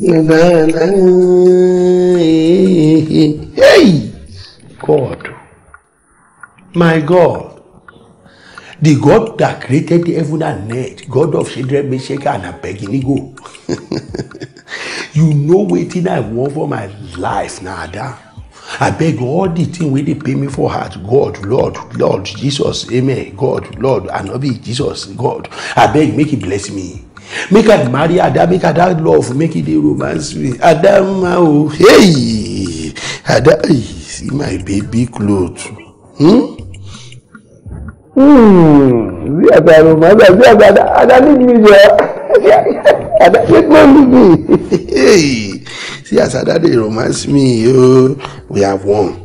Hey, God, my God, the God that created the heaven and earth, God of Shadrach, Meshach, and Abednego. you know wetin I want for my life Nada. I beg all the thing where they pay me for heart, God, Lord, Lord, Jesus, Amen, God, Lord, and Anobi, Jesus, God. I beg, make it e bless me make i marry ada make ada love make e dey romance me ada ma o hey ada see my baby cloth hmm? hmm see ada romance see ada ada ada leave me there ada make no leave me hey see as ada dey romance me o we are one.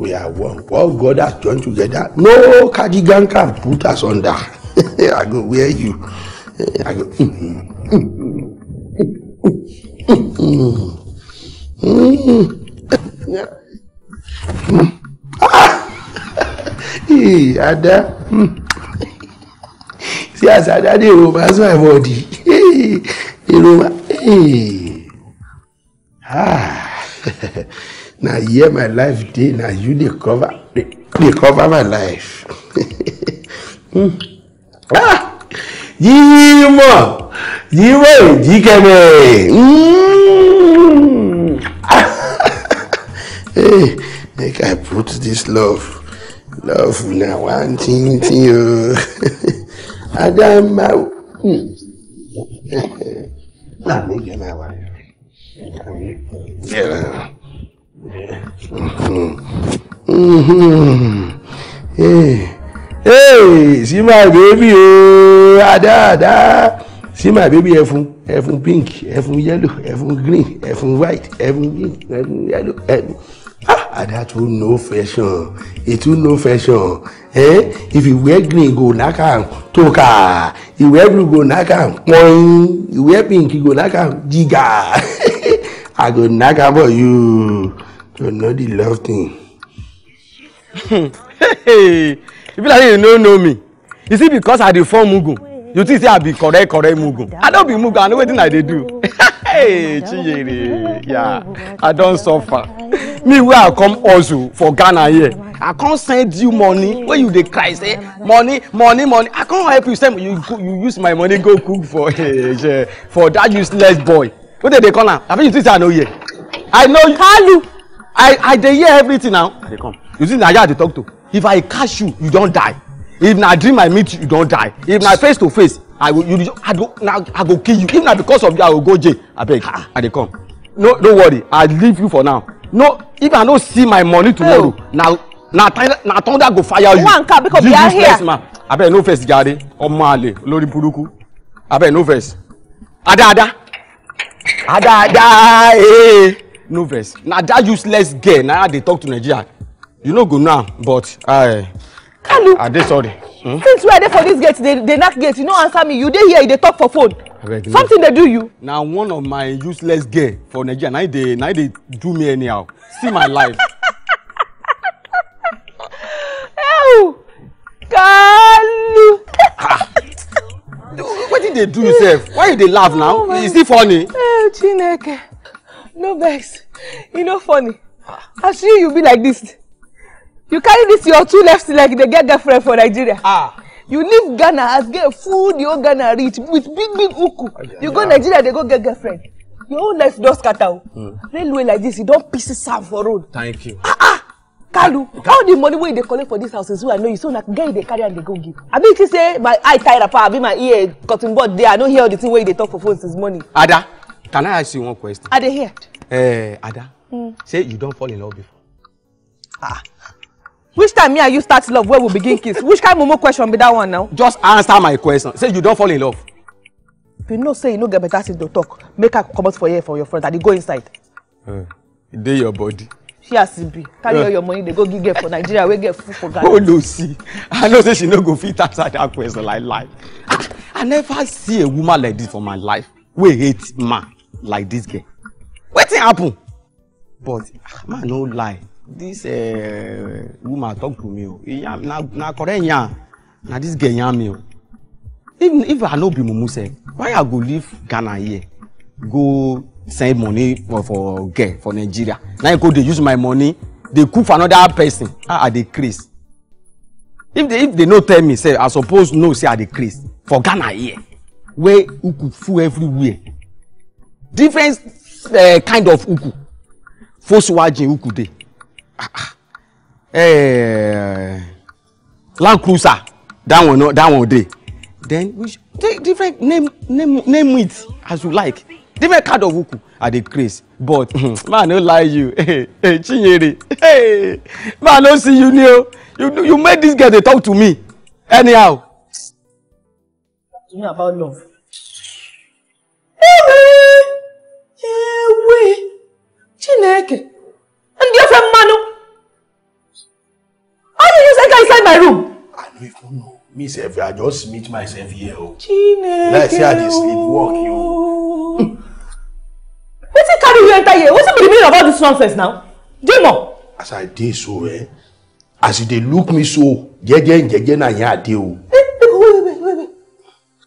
we have won what God has joined together no cardigan can put us under i go wear you ada sí àsàdá dé èrò máa sọ àìmọ̀dì èrò máa na here my life dey na you dey cover dey cover my life. mm. ah! Дима! Дима, Диками! Hey, make I put this love. Love now one thing to you. Adam, my... Hmm. Nah, me get my wife. Yeah. Mm-hmm. Mm-hmm. Yeah hey see my baby ooo adáadáa see my baby ẹfun ẹfun pink ẹfun yellow ẹfun green ẹfun white ẹfun green ẹfun yellow ẹfun ah ada too no fashion e too no fashion eh if you wear green go knack am toka you wear blue go knack am poin you wear pink go knack am jiga i go knack am for you to know the love thing. you be like you no know me you see because i dey form mugun you think say i be correct correct mugun i no be mugun i know wetin i dey do hey chinyere yeah i don suffer me wey i come hustle for ghana here i come send you money wey you dey cry say money money money i come help you send you you use my money go cook for eh, eh, eh for that useless boy wey dey dey call am abi you think say i no hear i know you. i i dey hear everything now i dey come you think na here i dey talk to if i catch you you don die if na dream i meet you you don die if na face to face i go you i go na i go kill you if na because of you i go go jail abeg i dey come no no worry i leave you for now no if i no see my money tomorrow oh. na na na thunder go fire you wanka because we are here abeg no vex jare ọmọ àlè lórí burúkú abeg no vex adaada adaada ee eh. no vex na that useless girl na dey talk to nigeria you no go now but i kalu i dey sorry hmm? since wey i dey for dis gate dey dey knack gate you no answer me you dey here you dey talk for phone Abeg, something dey do you. na one of my useless girl for nigeria na dey na dey do me anyhow see my life. ew kalu. wetin dey do you sef why you dey laugh now oh is it funny. eh chineke no vex e no funny as you you be like dis you carry this your two left leg they get girlfriend for nigeria ah. you leave ghana as get food, your ghana rich with big big uku you go nigeria they go get girlfriend your whole life don scatter o mm. railway like this you don pieces am for road thank you ah ah kalu how the money where they dey collect for this house is who i know you so now get they carry and they go give abi you think say my eye tired apart, I be my ear cutting, bud dey i no hear all the thing where they talk for phones since morning. ada can i ask you one question. i dey hear. Uh, eh, ada mm. say you don't fall in love before. ah which time me and you start love where we begin kiss which kind mumu question be that one now. just answer my question say you don fall in love. if you know say you no get better thing to talk make i comot for here for your front i dey go inside. Uh, e dey your body. she as e be carry all eh. your money dey go give girl for nigeria wey get full for ghana. oh no see i know say she no go fit answer that question like lie i never see a woman like this for my life wey hate man like this girl wetin happen but man no lie this uh, woman talk to me o oh. yan na na correct yan na this girl yan me o oh. if if i no be mumu sef why i go leave ghana here go send money for for girl for nigeria na i go dey use my money dey cook for another person how ah, i dey craze if they if they no tell me sef i suppose know say i dey craze for ghana here where uku full everywhere different uh, kind of uku fosuwajin uku dey Eh, land cruiser that one that one dey then we take different name name name it as you like different kind of hook i dey craze but man no lie you Hey, hey, chinyere man no see you ni you you make this girl dey talk to me anyhow. talk to me about love. ewe ewe chineke And ndị ofe Manu? how did you say inside my room i no even know me sef i just meet myself here oh. chineke like say i dey sleep work you it carry you enter here What's be the meaning of all this nonsense now dey more as i did so eh as you look me so jeje jeje na here i dey o. Eh, eh, wait wait wait wait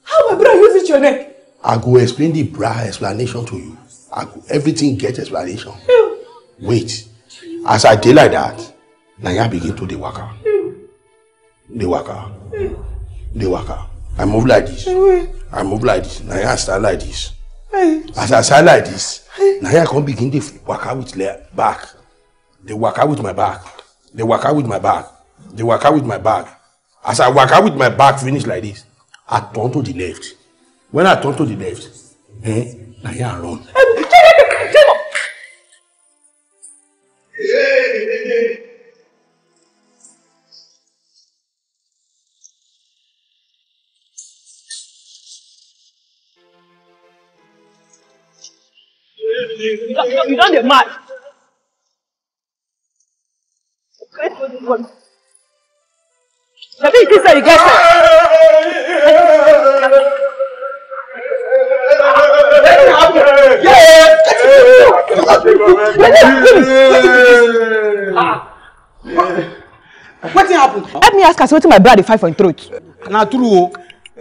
how my brother uses your neck. i go explain the bra explanation to you i go everything get explanation. wait As I did like that, na Naya begin to dey waka. Dey waka. Dey waka. I move like this. I move like this. Na Naya stand like this. As I stand like this, na Naya come begin dey waka with le back. Dey waka with my back. Dey waka with my back. Dey waka with my back. As I waka with my back finish like this, I turn to the left. When I turn to the left, eh, Naya run. You don't get mad. me ask am say wetin my brother dey fight for im throat. Na true o.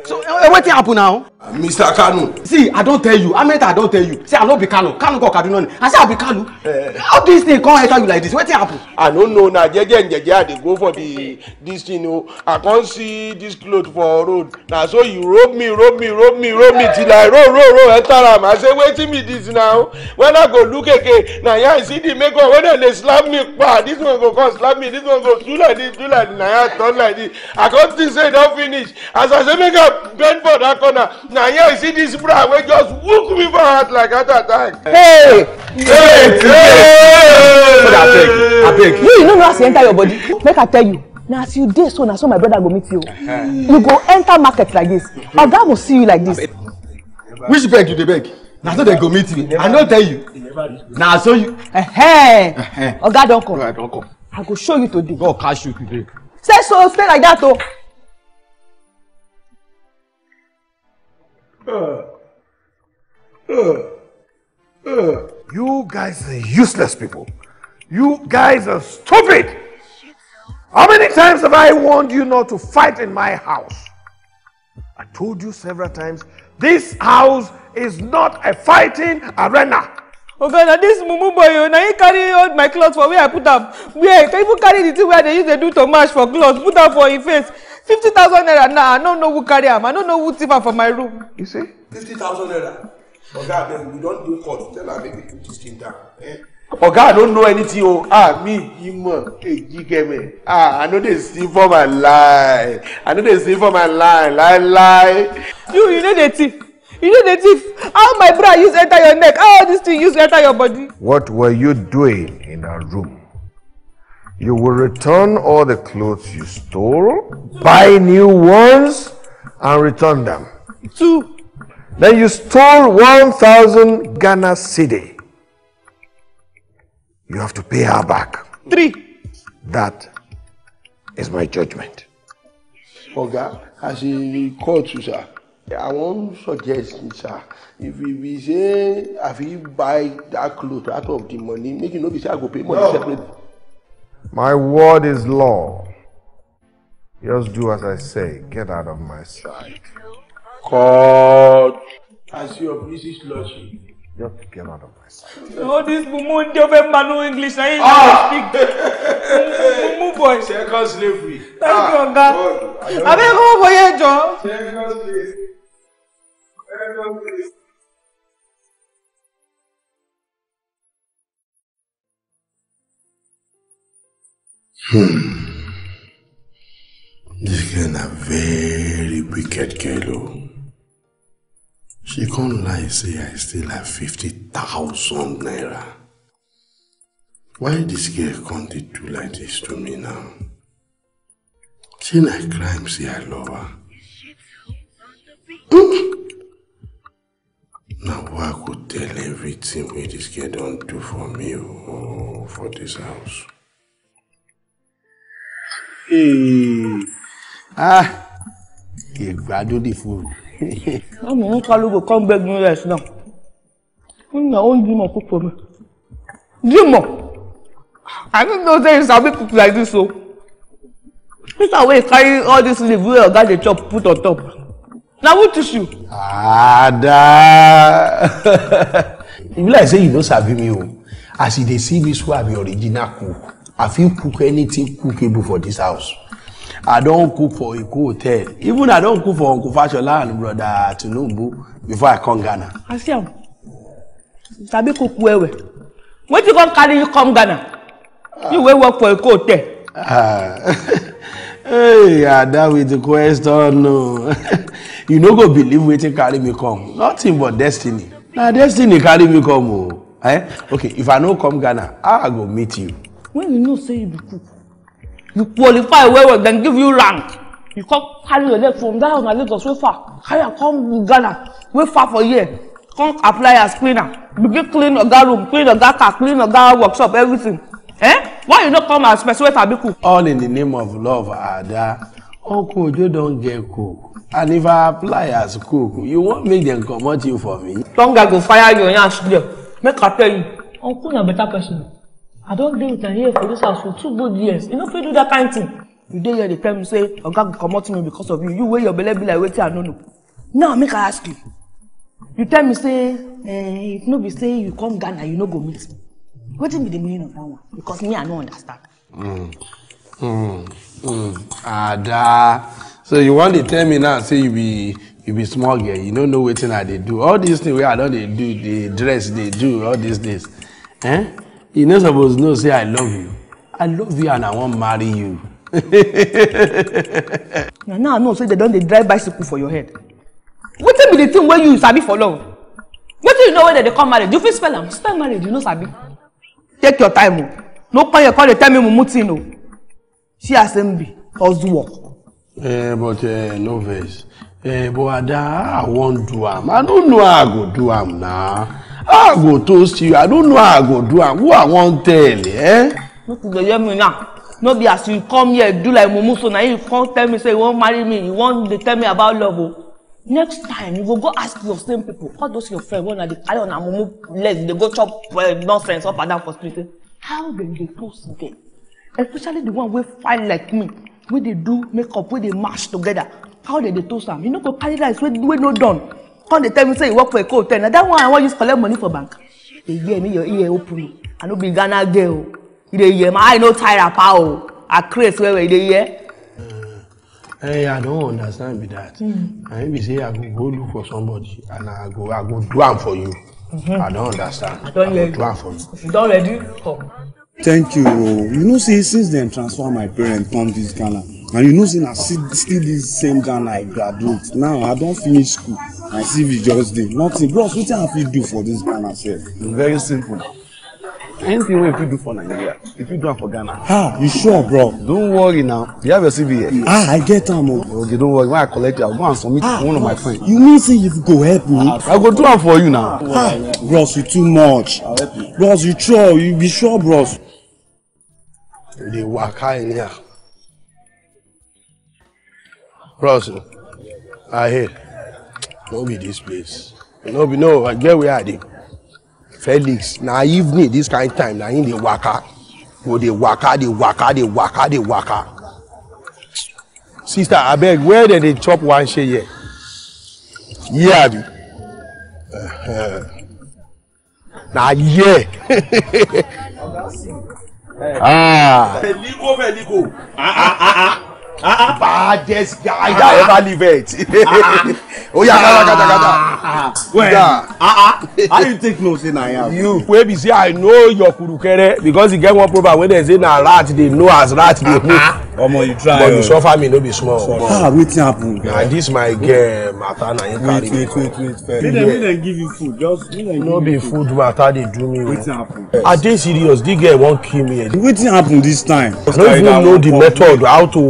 So eh, wetin happen now? Uh, mr kanu see i don tell you ameta i don tell you say i no be kanu kanu go kaduna i say i be kanu eh. how dis thing come enter you like this wetin happen. i no know na jeje njeje i dey go for the dis thing o oh. i come see this cloth for road na so you rob me rob me rob me rob me till i roll roll roll enter am i say wetin be this now oh? when i go look again na here i see the make up wey dem slap me kpa this one go come slap me this one go do like this do like this na here i turn like this i come think say e don finish as i say make i bend for that corner Now here you see this bra we just hook me for heart like that, attack hey hey hey abeg you no know as e enter your body make i tell you Now as you dey so na so my brother go meet you you go enter market like this Our oga will see you like this. which beg you dey beg Now so they go meet you i no tell you na so you. Hey, Our oga don't come i go show you today. god Cash you today. say so stay like that though. You guys are useless people. You guys are stupid. How many times have I warned you not to fight in my house? I told you several times, this house is not a fighting arena. Okay, now this mumu boy o oh, na him carry all my clothes for where i put am where can even carry the thing where they use the do to match for clothes? put am for him face fifty thousand naira Now i don't know who carry am i don't know who thief am for my room you see. fifty thousand naira oga abeg we don't do court tell am maybe we put this thing down. Eh? oga i don't know anything Oh ah me him. jimoh ejikeme ah i know they steal for my lie i know they steal for my lie lie lie. you you know the thief you know the thief how my bra use enter your neck how all this thing use enter your body. what were you doing in our room. You will return all the clothes you stole, buy new ones, and return them. Two. Then you stole 1,000 Ghana cedi. You have to pay her back. Three. That is my judgment. Oga, as he called you, sir, I won't suggest, sir, if we say, if we buy that clothes out of the money, make you know, be say I go pay money no. separately. My word is law. Just do as I say. Get out of my sight. God, as your British lordship. Just get out of my sight. All this mumu ndi o fẹ́ ma no English na yín ní speak mumu boy. Second slavery. Thank ah, you ọ̀gá. Abẹ́kọ̀ wọ̀nyẹn jọ. Second slavery. Second slavery. Hmm. This girl a very wicked girl o. Oh. She can't lie say I still have 50,000 naira. Why this girl can't do like this to me now? She na crime say I love her. Hmm. na why I go tell everything wey this girl don do for me oh, for this house ìgbádùn dì fóònù. ọmọ ń kálukú kọ́ ń gbẹ́gun rẹ̀ sí náà ń nà ó ń dìmọ̀ púpọ̀ mi dìmọ̀ I didn't know say you sabi cook like this o. Mr. wey carry all this leaf wey oga dey chop put on top. Na who teach you? Ada. E be like say you no sabi me o. As you dey see me so I be original cook. I fit cook anything cookable for this house. I don cook for Eko Hotel. Even I don cook for Uncle Fashola and Brother Tinubu before I come Ghana. I Asiam, you sabi cook well well. you come carry you come Ghana? You wey work for Eko Hotel. Uh, hey, Ada ah, with the question no. you no go believe wetin carry me come. Nothing but destiny. Na destiny carry me come o. Oh. Eh? Okay, if I no come Ghana, how I go meet you? when you know say you be cook you qualify well well dem give you rank you come carry your leg from that una lagos wey far carry am come ghana wey far for here come apply as cleaner begin clean oga room clean oga car clean oga workshop everything eh why you no come as person wey sabi cook. all in the name of love ada uncle ojo don get cook and if i apply as cook you wan make dem comot you for me. tonga go fire your yansh there make i tell you uncle na better person. I don gree with am here for dis house for two good years. You no fit do dat kind thing. You dey here dey tell me say oga go comot me because of you. You wey your belle be like wetin I no know. Now make I ask you. You tell me say eh, if no be say you come Ghana you no go meet me. Wetin be the meaning of that one? Because me I no understand. Mm. Mm. Mm. Ada. So you wan dey tell me now say you be you be small girl you no know wetin I dey do. All these things wey I don dey do dey dress dey do all these days. Eh? you no suppose know say i love you i love you and i wan marry you. na now i know say dem don dey drive bicycle for your head wetin be the thing wey you sabi for love wetin you know wey dem dey call marriage you fit spell am spell marriage you no sabi take your time o oh. no come here come dey tell me mumu thing o see as im be just do work. Uh, but uh, no vex uh, eh, but ada i wan do am i no know how i go do am na àgò tó ṣe I don't know àgò do and who I wan tell eh. no go hear me now no be as you come here do like mumu so na you come tell me say you wan marry me you wan dey tell me about love o oh. next time you go go ask your same people all those your friends wey una dey carry una mumu leg dey go chop uh, nonsense up and down for street eh. how dem dey close dem especially the one wey fine like me wey dey do makeup wey dey match together how dem dey toast am you no go carry rice wey no done come dey tell me say you work for a hotel na that one i wan use collect money for bank dey hear me your ear open i no be ghana girl you dey hear my eye no tie wrapper o i craze well well you dey hear. Hey, I don't understand be that. Mm. I be say I go go look for somebody and I go I go do am for you. Mm-hmm. I don't understand. I, don't I go do am for you. If you don ready, come. Thank you. You know, see, since then transfer my parents come this Ghana and you know say na still this same ghana i graduate now i don finish school my cv just dey nothing bros wetin i fit do for this ghana sef. very simple anything wey you fit do for nigeria you fit do am for ghana. ah you sure bro. Don't worry na you have your cv here. ah i get am o. Oh. okay don't worry when i collect it, i go and submit ah, to one of my friends. you mean say you go help me. Ah, i go do am for you na. ah bros you too much. bros you sure you be sure bros. you dey waka here. I hear. no be this place no be no i get where i dey felix na evening kind of time na in the waka go the waka The waka The waka The waka sister I beg. where did they chop one shey here yeah, uh -huh. na here. ah. felico felico ah ah ah ah. Ah, baddest guy I ever lived. Oya kata kata kata. Well, ah, ah. how you take know say na yam? You wey be say I know your kurukere because e get one proverb wey dey say na rat dey know as rat dey ah, know omo you try but you oh. suffer me no be small ah wetin happen na this my girl matter na him carry me come wait wait wait make dem make dem give you food just make dem give you food no be food matter dey do me oh. wetin happen i dey serious this girl wan kill me wetin happen this time i no even know the method how to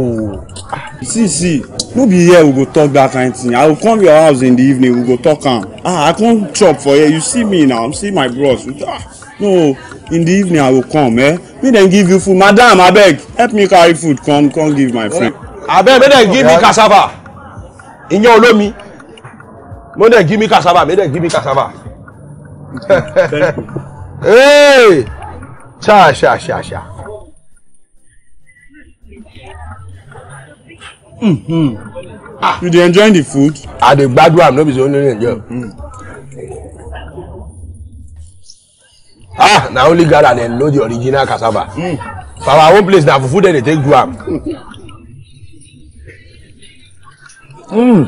see see no be here we go talk that kind thing i go come your house in the evening we go talk am ah i come chop for here you see me now see my bros ah no in the evening i go come eh make dem give you food madam abeg help me carry food come come give my friend. abeg make dem give me cassava iyan olomi make dem give me cassava make dem give me cassava. hey sha sha sha sha. Mm -hmm. ah. you dey enjoy the food. i dey gbadun am no be say only enjoy. Mm -hmm. hmm. ah na only ghana dem know the original cassava mm. for our own place na fufu dem dey take do am. Mm.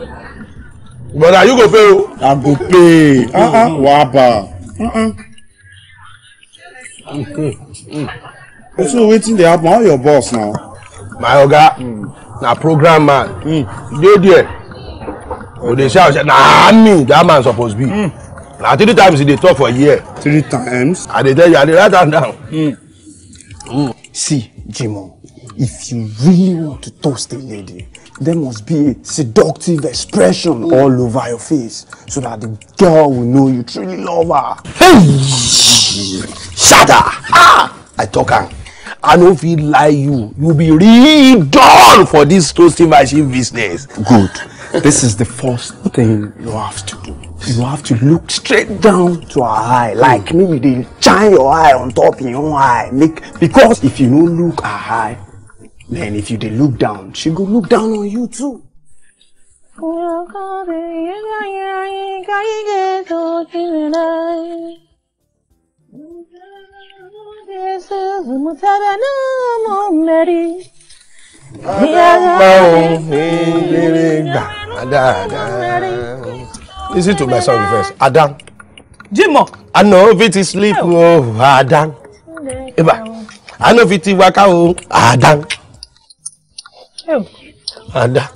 but na you go pay o. i go pay uh -uh. waba. Uh -uh. Mm -hmm. mm. so wetin dey happen how your boss na. my oga mm. na program man mm. dey there o dey shout na me that man suppose be. Mm na three times e dey talk for year. three times. i dey tell you i dey write am down. Mm. Mm. see Jimoh if you really want to toast a lady there must be a seductive expression mm. all over your face so that the girl will know you truly love her. Hey! Shada! Ah! I talk am. I no fit lie you. You be real dull for this toasting machine business. Good. this is the first thing you have to do you have to look straight down to her eye like mm. maybe dey shine your eye on top im own eye make because if you no look her eye then if you dey look down she go look down on you too. Báwo ni lè gbà dáadáa? Listen to my song first. Adam. Jimo. I know if it is sleep, oh. oh, Adam. Eba. I know if it is waka, oh, Adam. Oh. Ada.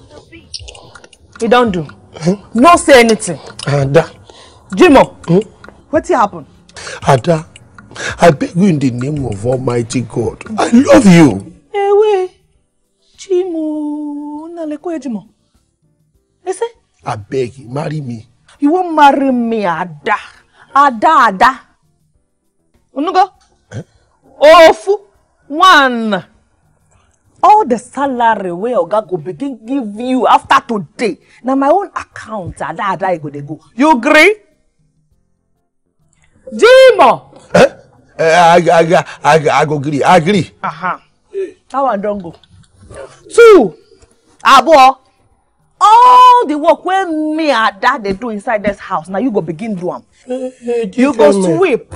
You don't do. Hmm? No say anything. Adam. Jimo. Hmm? What happened? Ada, I beg you in the name of Almighty God. I love you. Ewe. Jimo. Nalekwe Jimo. Ese? I beg you, marry me. You won't marry me, Ada. Ada, Ada. Unugo? Eh? Ofu. One. All the salary wey Oga go begin give you after today, Now my own account, Ada, Ada, I go dey go. You agree? Jimo! Eh? Uh, I, I, I, I, go agree. I gree. Aha. Uh -huh. That one don't go. Two. Abo all the work wey me and dad dey do inside this house na you go begin do am you go sweep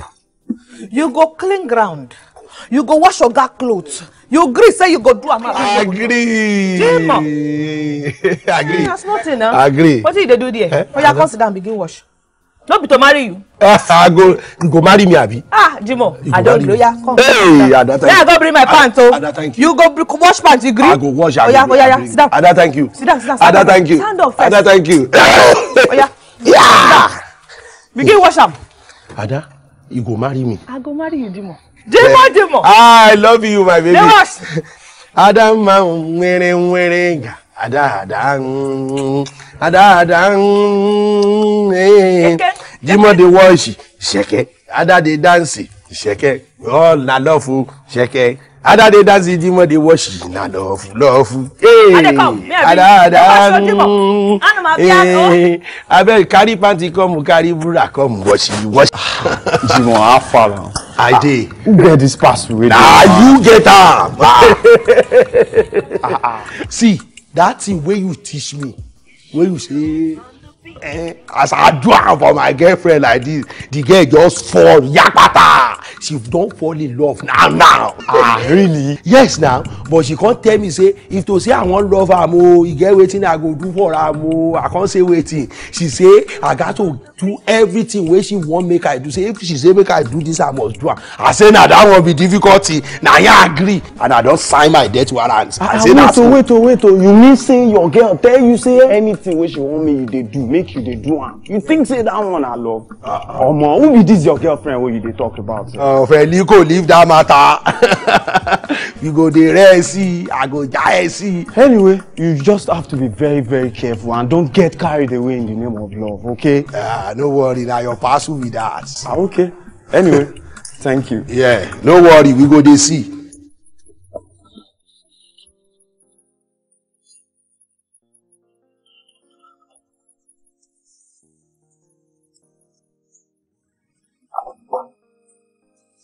you go clean ground you go wash oga cloth you gree say you go do am as you go do agree agree agree wetin you dey do there eh? oya oh, come sit down begin wash no be to marry you. Ah, I go go marry me abi. ah jimo I don't know. Yeah, come. hey ada thank you. yeah i go bring my pants Oh, ada thank you. you go wash pants you gree. i go wash yeah, oh yeah, oh, yeah. sit down. ada thank you. sit down sit down. ada thank you. stand up first. ada thank you. Oh yeah. Yeah. begin wash am. ada you go marry me. i go marry you jimo. jimo eh, jimo. ah i love you my baby. dey wash. ada ma nwere nwere ga àdáàdá àdáàdá Jímọ̀dé wọ́ọ̀ṣì ṣẹ̀kẹ́ adáde dáǹsì ṣẹ̀kẹ́ ọ̀là lọ́ọ̀fù ṣẹ̀kẹ́ adáde dáǹsì Jímọ̀dé na nà lọ́ọ̀fù lọ́ọ̀fù àdáàdá abẹ́ kárí pàǹtí kọ́mù kárí búrà kọ́mù wọ́ọ̀ṣì wọ́ọ̀ṣì. Jimoh how far now. I dey. Who get this pass wey dey. Na you get am. See that thing wey you teach me wey you say eh, as i do am for my girlfriend like this the girl just fall yakpata she don fall in love now now ah really yes now but she come tell me say if to say i wan love am o e get wetin i go do for am o i come say wetin she say i gats to do everything wey she wan make i do say if she say make i do this i must do am i say na that one be difficulty na ya agree and i don sign my death warrant i ah, say na so. ah wait o oh, wait o oh, oh. you mean say your girl tell you say anything wey she wan make you dey do make you dey do am you think say that one na love. Uh-uh. omo uh -uh. who be this your girlfriend wey you dey talk about. ọ̀fẹ́ uh, ni kò leave that matter. you go dey rare see i go jaye see. anyway you just have to be very very careful and don't get carried away in the name of love okay. Uh, no worry na your parcel be that. ah okay anyway thank you. yeah no worry we go dey see.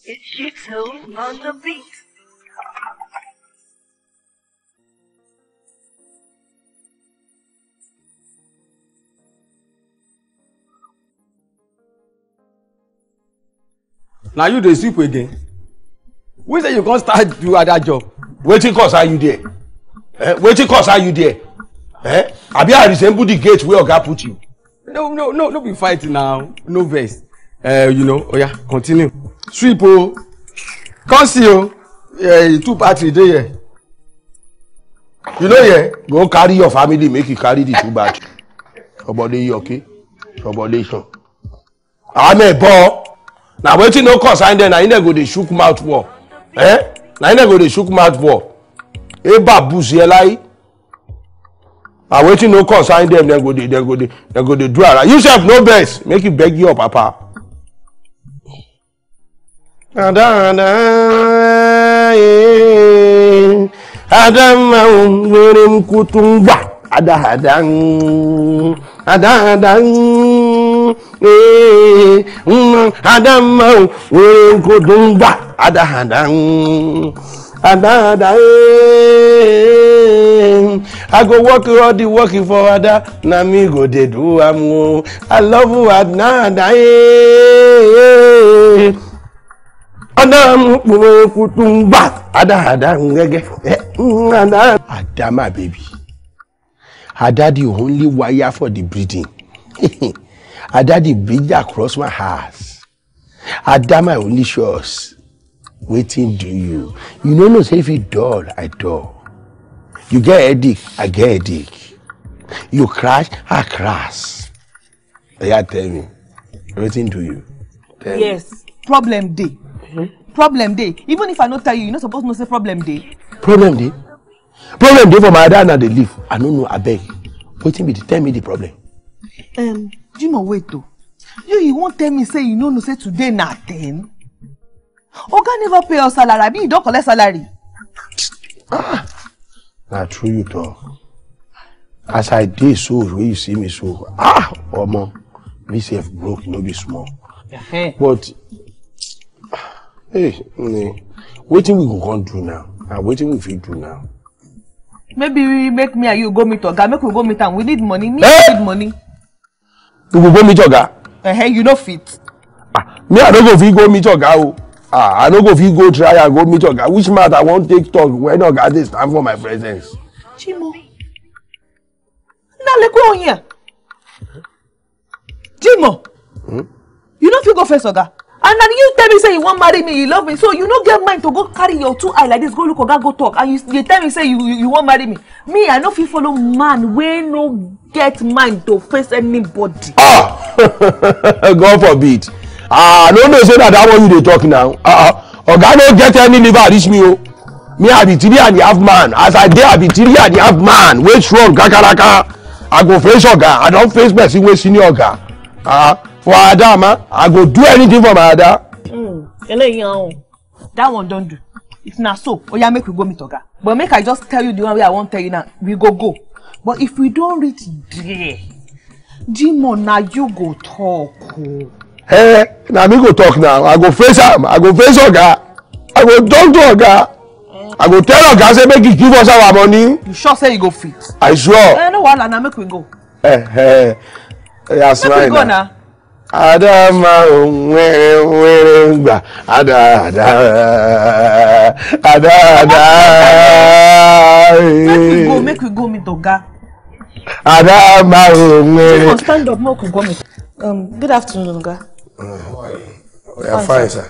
It's Jigsaw on the beat. na you dey sweep again we say you come start do other job. wetin cause are you there eh wetin cause are you there eh abi i resemble the gate wey oga put you. no no no no be fight now no vex uh, you know oya oh, yeah, continue sweep o come see o uh, two battery dey here you know here go carry your family make you carry the two battery okay? yọké ọbọdé sàn àmì ẹ̀bọ́ na wetin no concern dem na im dem go dey chook mouth war eh na im dem go dey chook mouth war eba eh, bush eh, yelai na wetin no concern dem dem go dey dem go dey dem go dey do ara you sef no vex make you beg your papa. Eh, adamahun um, werim kutungba adahadan. Mm àdáadáa àdámọ́ eh, wẹ́rẹ́ kò tó ń gbà àdáadáa àdáadáa eh, I go work all the work for Ada, na me go dey do am o. I love you Ada. Adam kpọmọ ekwu tún gbà. Ada Ada ngẹ́gẹ́. Eh, hmm, Ada my baby. Her daddy only wire for the breeding. Her daddy breed across my house. Her dad my only shows. waiting do you? You no know say if you dull, I dull. You get headache, I get headache. You crash, I crash. Oya tell me, waiting to you? Tell yes, me. problem day. Mm-hmm. Problem day. Even if I not tell you, you no suppose know say problem day. Problem day problem dey for my dad na dey live i no know abeg wetin be the tell me the problem. Um, jimoh wait o oh. you you wan tell me say you no know say today na ten oga never pay us salary abi you don collect salary. ah na true you talk as i dey so wey you see me so ah omo me sef broke no be small yeah. but hey, hey wetin we go come do now and wetin we fit do now maybe we make me and you go meet oga make we go meet am we need money me hey! Eh? need money. you go go meet oga. Uh -huh, you no fit. ah me i no go fit go meet oga o ah i no go fit go try and go meet oga which mouth i wan take talk when oga dey stand for my presence. chimo na lekwe on here. chimo hmm? you no fit go face oga and na you tell me say you wan marry me you love me so you no get mind to go carry your two eye like this go look oga go talk and you dey tell me say you you, you wan marry me me i no fit follow man wey no get mind to face anybody. ah god forbid ah i no know say na that one you dey talk now ah uh, oga no get any liver reach me o oh. me i be three and a half man as i dey i be three and a half man wey strong kakaraka i go face oga i don face person wey senior oga ah. Uh, for our Adama. I go do anything for my Ada. Mm. That one don't do. If na so, oya make we go meet Oga. But make I just tell you the one way I wan tell you now. We go go. But if we don reach there, Jimoh na you go talk. Hey, na me go talk now. I go face am. I go face Oga. I go talk to Oga. I go tell Oga say make he give us our money. You sure say you go fit? I sure. Eh, no wahala na make we go. Eh, eh. Yeah, make we go now adama nwere nwere mgba ada ada ada ada make we go make we go meet oga adama nwere stand up make we go meet um good afternoon oga we are fine sir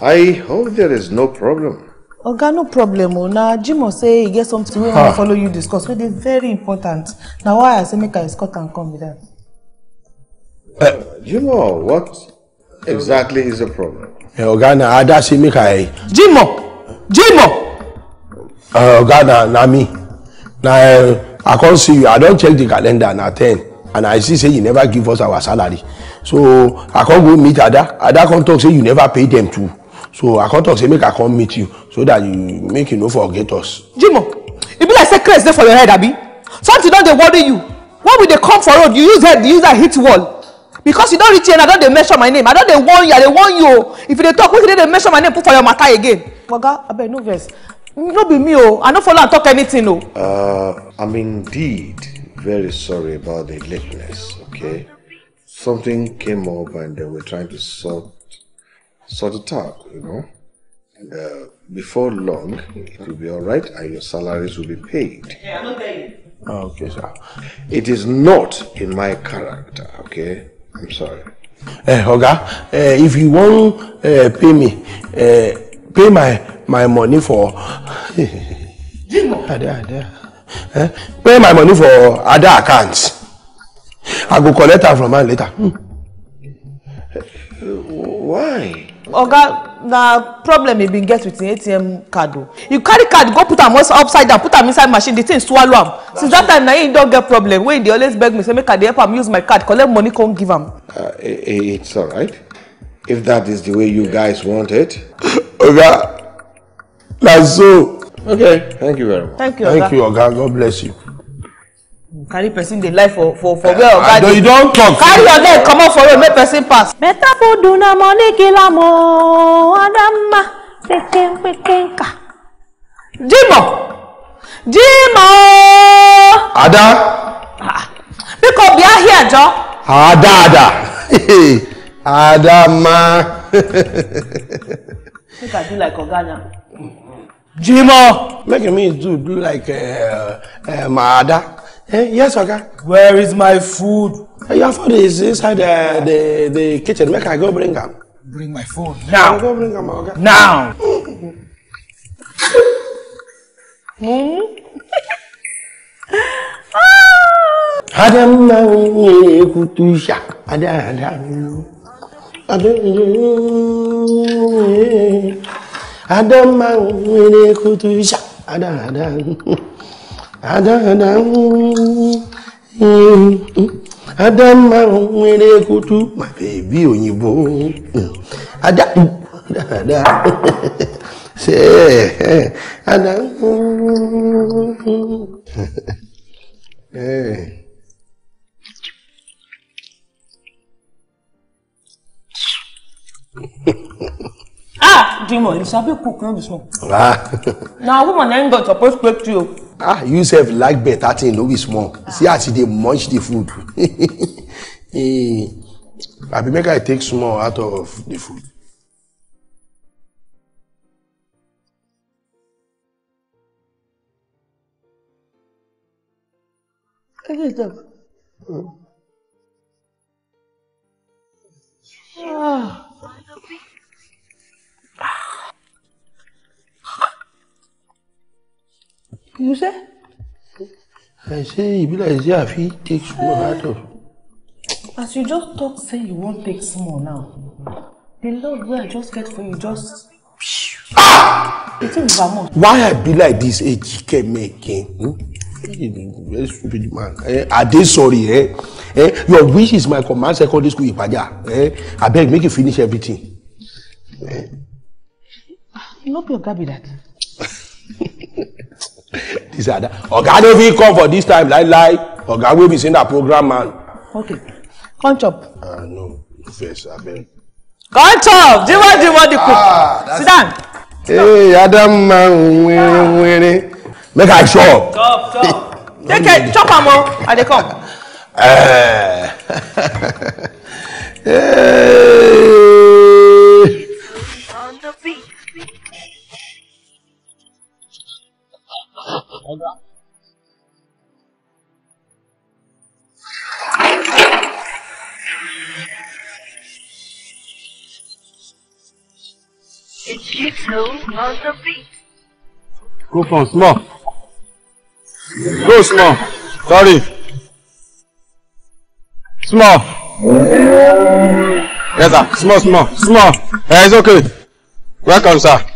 i hope there is no problem oga no problem o na jimoh say e get something wey wan ah. follow you discuss wey dey very important na why i say make i escort am come be that Uh, Jimoh, what exactly is the problem? Oga eh, na Ada see make I. Jimo. Jimoh. Eh, Oga na na me. Na eh, I come see you. I don check the calendar na ten and I see say you never give us our salary. So I come go meet Ada. Ada come talk say you never pay them too. So I come talk say make I come meet you so that you make you no forget us. Jimo, e be like say craze dey for your head abi? Something don dey worry you. When we dey come for road, you use head, you use that hit wall because you don reach here i don dey mention my name i don dey warn you i dey warn you o if you dey talk wetin dey dey mention my name put for your matter again. oga abeg no vex no be me o i no follow am talk anything o. Uh, i'm indeed very sorry about the lateness okay something came up and they were trying to sort sort it out you know uh, before long it will be all right and your salaries will be paid. Yeah, I'm okay, sir. It is not in my character, okay? I'm sorry. Eh, Oga, eh, if you won't eh, pay me, eh, pay my, my money for... Jimo. Ada, Ada. Eh, pay my money for other accounts I go collect am from her later. Hmm. Uh, why? oga na problem e bin get with him atm card o you carry card go put am upside down put am inside machine the thing swallow am since that time na him don get problem wey he dey always beg me say make i dey help am use my card collect money come give am. Uh, it's all right if that is the way you guys want it. oga na so. okay thank you very much. thank you oga thank you oga god bless you carry person dey lie for for for where oga ah, dey you don talk carry your leg comot for road make person pass. better food na money kill am ooo adamma pekenpekenka jimo jimo. ada. biko bịa hia jọ. ada ada adamma. make i do like oga now. jimo. make me do do like uh, uh, my ada. Hey, eh, yes, Oga. Okay. Where is my food? Your food is inside the, the, the kitchen. Make I go bring am. Bring my food. Now. go bring am, Oga. Now. Hmm? Adam Adam Adam. Adama nwere ekutu ma bebi òyìnbó. Ada ada ṣe ada. Ah, Jimoh, it's a big cook, no be so. Ah. Na woman ain't got supposed to speak to you ah you sef like better thing no be small see as you dey munch the food abi make i take small out of the food. Какие так? Ах. You say? I say e be like say I fit take small out of. As you just talk say you won't take some more now, the love wey I just get for you just. Ah! Why I be like this Age man again? Hmm? Very stupid man. Eh? Are they sorry? Eh? Eh? Your wish is my command secondary school Ipaja. Eh? beg make you finish everything. Eh? Ah, no be Oga that. this and that oga no fit come for this time lie. lai oga wey be say na program man. okay come chop. ah uh, no first abeg. come chop jimo jimo ah, the cook sit down. hey Adam, adamma nwere nwere make i chop. chop chop take care chop am o i dey come. Uh, Hold on. small. Go small. Sorry. Small. Yes, sir. Small, small, small. Yeah, it's okay. Welcome, sir.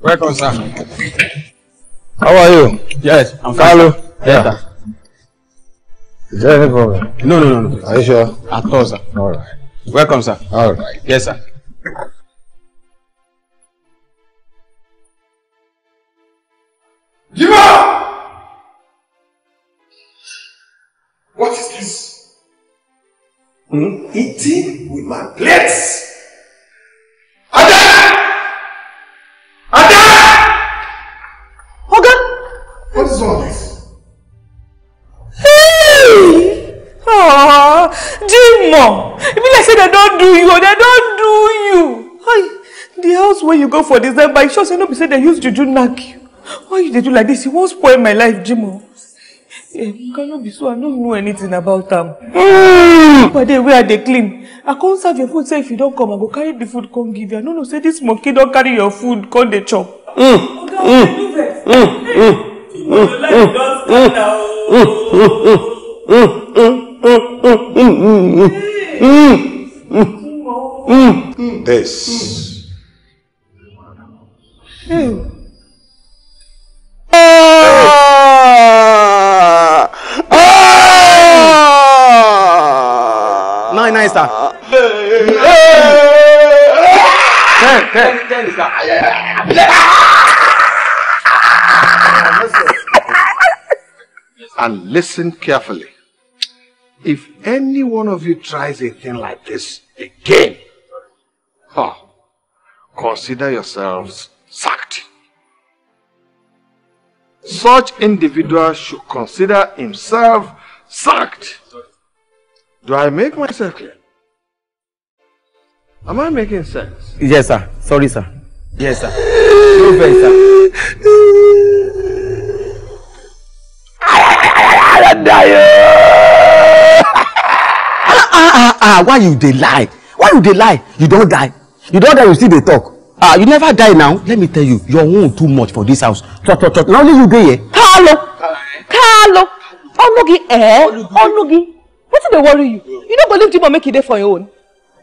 Welcome, sir. How are you? Yes, I'm Carlo. Yeah. Is there any problem? No, no, no, no. Are you sure? At all, sir. All right. Welcome, sir. All right. Yes, sir. Give What is this? Hmm? Eating with my plates! when you go for december you sure say no be say dem use juju knock you why you dey do like this you wan spoil my life jimo emeka eh, no be so i don't know anything about them. per day wey i dey clean i can't serve your food say if you don't come i go carry the food come give you i no know say this monkey don't carry your food come the chop. Mm. oga wey do vex mm. hey mm. your life don start na o. This nine nine star. ten ten. ten sir. and listen carefully. If any one of you tries a thing like this again, huh, consider yourselves sacked. Such individual should consider himself sacked. Do I make myself clear? Am I making sense? Yes, sir. Sorry, sir. Yes, sir. No offense, sir. ah, ah, ah, ah. ah why you dey lie? Why you dey lie? You don't die. You don't die, you still dey talk ah you never die now let me tell you your own too much for this house tọ tọ tọ na only you dey here. kaalo kaalo onugi eh onugi wetin dey worry you you no go leave jimoh make e dey for im own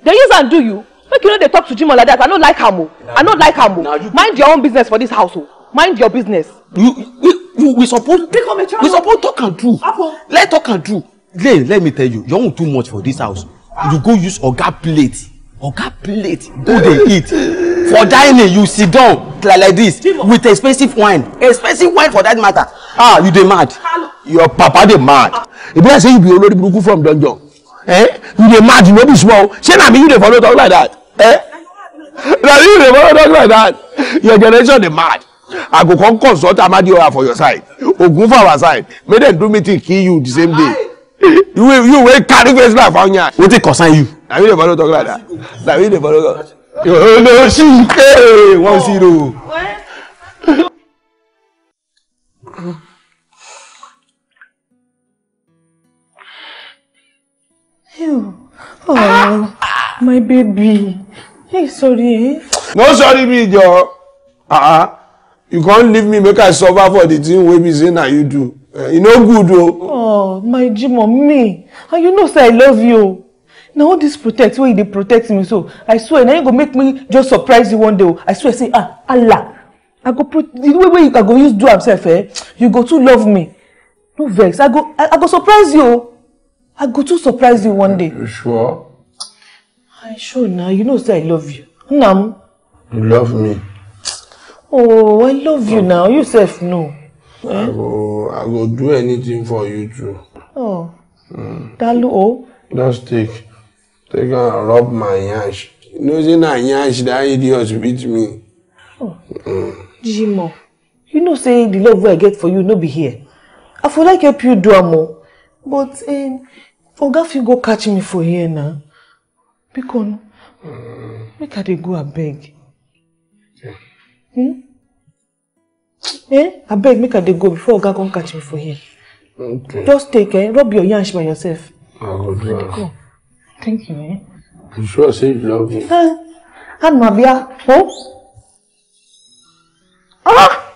dey use am do you make you no dey talk to jimoh like that i no like am o i no like am o mind your own business for this house o oh. mind your business. you we, you we suppose we suppose talk am true let talk am true le let me tell you your own too much for this house you go use oga plate oga plate go dey eat for dining you sit down like this with expensive wine expensive wine for that matter ah you dey mad your papa dey mad e be like say you be olórí burúkú from dungeon eh you dey mad you no be small shey na me you dey follow talk like that eh na me you dey follow talk like that your generation dey mad i go come consult amadiola for your side ogun for our side make dem do meeting kill you the same day you wey you wey carry face like for anya wetin concern you na me dey follow talk like that na me dey follow talk. Oh no, olóṣì ee one zero. Oh, my baby. Hey, sorry. No sorry, me, jo. Uh-uh. You can't leave me make I suffer for the thing we be say that you do. Uh, eh, you e no good oh. Oh, my Jimoh, me. And you know say I love you. Now all this protect wey you dey protect me so i swear Now you go make me just surprise you one day o oh. i swear say ah allah i go pro the way you i go use do himself. eh you go to love me no vex i go i, I go surprise you o oh. i go to surprise you one day. you sure. i sure now. you know say i love you nam. you love me. oh i love you now you sef no? i eh? go i go do anything for you too. oh mm. dalu oh. That's take. They're gonna rub my yansh. say na yansh, that idiot beat me. Oh. Mm. Jimo, you know say the love wey I get for you no be here. I for like help you do am o. But um, Oga fit go catch me for here now. Bikon, mm. make I dey go abeg. Okay. Hmm? Eh? Abeg, make I dey go before Oga come catch me for here. Okay. Just take eh, rub your yansh by yourself. I go do am. Thank you. Eh? You sure say you love me? Uh, and my beer. Oh. Ah!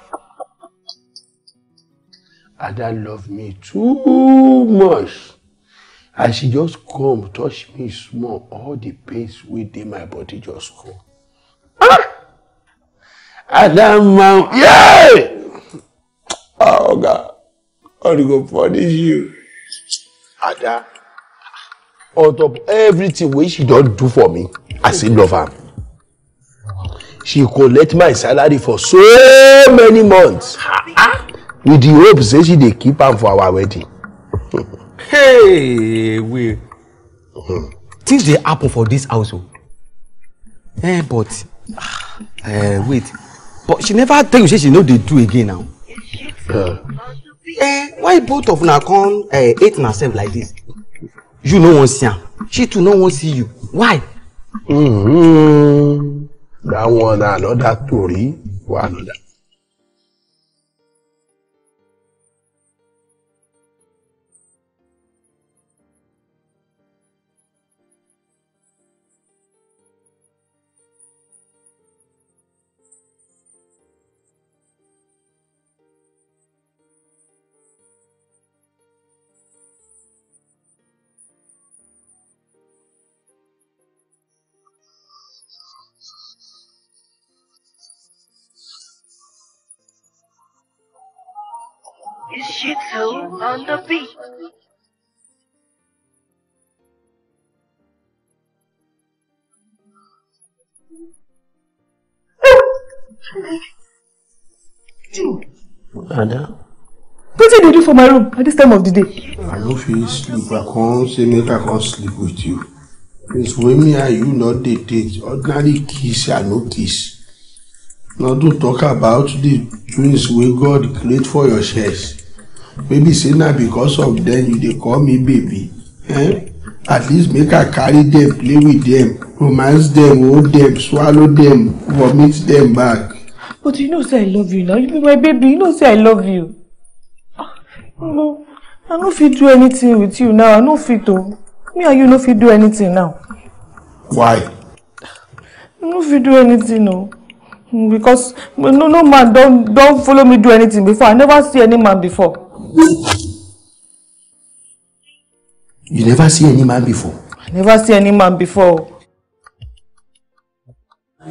Ada love me too much. and she just come, touch me small, all the pains within my body just go. Ah! Ada man, yeah! Oh God, God go punish you. Ada on top everything wey she don do for me i still love am she collect my salary for so many months with the hope say she dey keep am for our wedding. hey wey things dey happen for dis house o oh. eh but ah, eh wait but she never tell you say she no dey do again now. Uh, eh why both of una come eh hate una sef like dis you no wan see am she too no wan see you why. Mm -hmm. that one na another tori for another. Shih Tzu on the beat. Ada. What did you do for my room at this time of the day? I no fit sleep. I can't say me I can't sleep with you. Please, when me and you not dey date, ordinary kiss, I no kiss. Now don't talk about the dreams we God create for your chest baby say na because of them you dey call me baby eh? at least make i carry them, play with them, romance them, hold them, swallow them, vomit them back. but you know say i love you now you be my baby you know say i love you. Ah, no i no fit do anything with you now i no fit o oh. me and you no fit do anything now. why. i no fit do anything o oh. no. because no no man don don follow me do anything before i never see any man before. You never see any man before. I never see any man before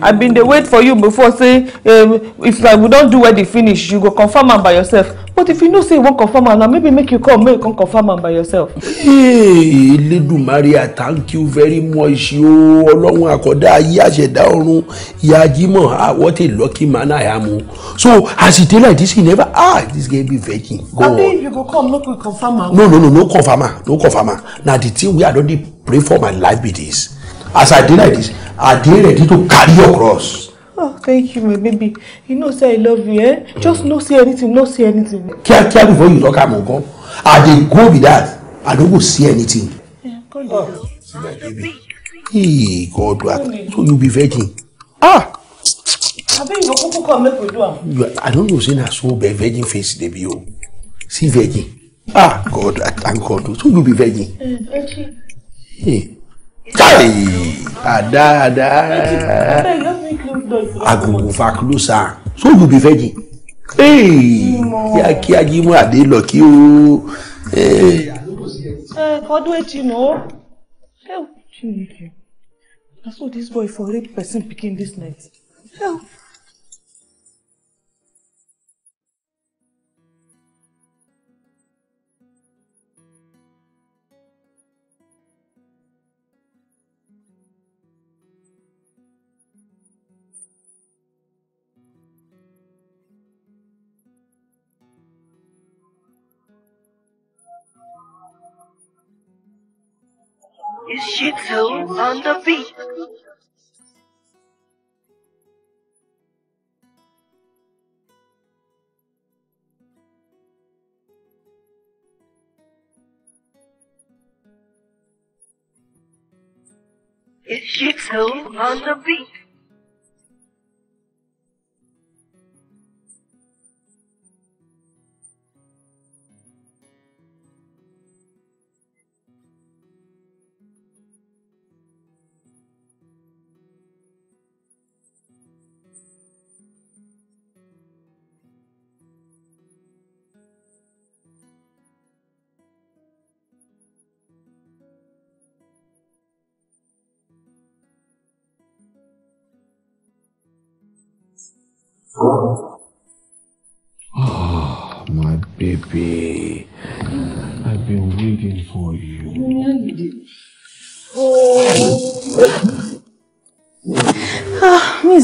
i bin dey wait for you before say um, if like we don do wedding finish you go confirm am by yourself but if you know say you wan confirm am now maybe make you come make you come confirm am by yourself. hey Elédùmarè i thank you very much o ọlọ́run àkọ́dá ayé àṣẹ̀dá ọ̀run ìyá jimoh ah what a lucky man i am so as e dey like this he never ah this girl be virgin. abi if you go come make we confirm am. no no no no confirm am no confirm am na the thing wey i don dey pray for my life be this as I did like this I dey ready to carry your cross. Oh, thank you, my baby. You know, say I love you, eh? Mm. Just no say anything, no say anything. Care, care before you talk, I'm gone. I dey go with that. I no go see anything. Yeah, God, oh, ah, see my baby. Hey, God, so you'll be virgin. Ah! Abi, you go come make we do I don't know, saying na so be virgin face dey be oh. See virgin. Ah, God, I thank God. So you'll be virgin. Mm, virgin. Hey. Hey, Adada. Agogo Fakulusa. So you be veggie. Hey, kíákíá jí mú àdé lọ kí o. Ọdún etí nù ó. Help Chineke. Na so this boy for rape person pikin this night. Help. Eh, is Shitsu on the beat. It's Shitsu on the beat.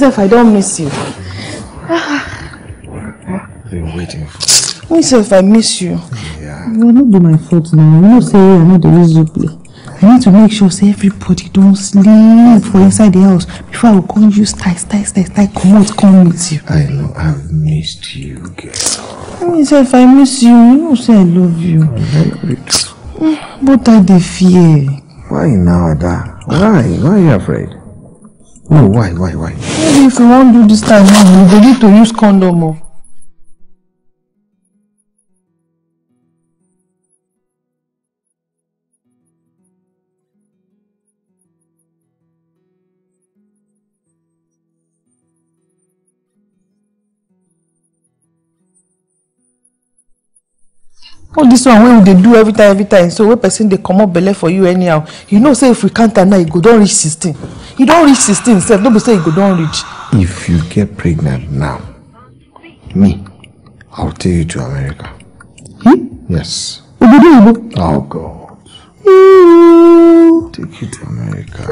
if I don't miss you. I've been waiting for you. if I miss you. Yeah. You will not be my fault now. You know, say I'm not the reason play. I need to make sure say everybody don't sleep for inside the house before I will come you style, style, style, style, come out, come with you. I know I've missed you, girl. Me say if I miss you, you know say I love you. Mm, but I dey Why now, Ada? Why? Why are you afraid? No, oh, why, why, why? Maybe if you won't do this time now, you go need to use condom. Or... all this one when they do every time every time so wey person they come up belle for you anyhow you know say if we can't am now e go don't reach sixteen you don reach sixteen sef no be say you go don reach. if you get pregnant now me i will take you to america. Hmm? yes. obodo oyibo. oh god. take you to america.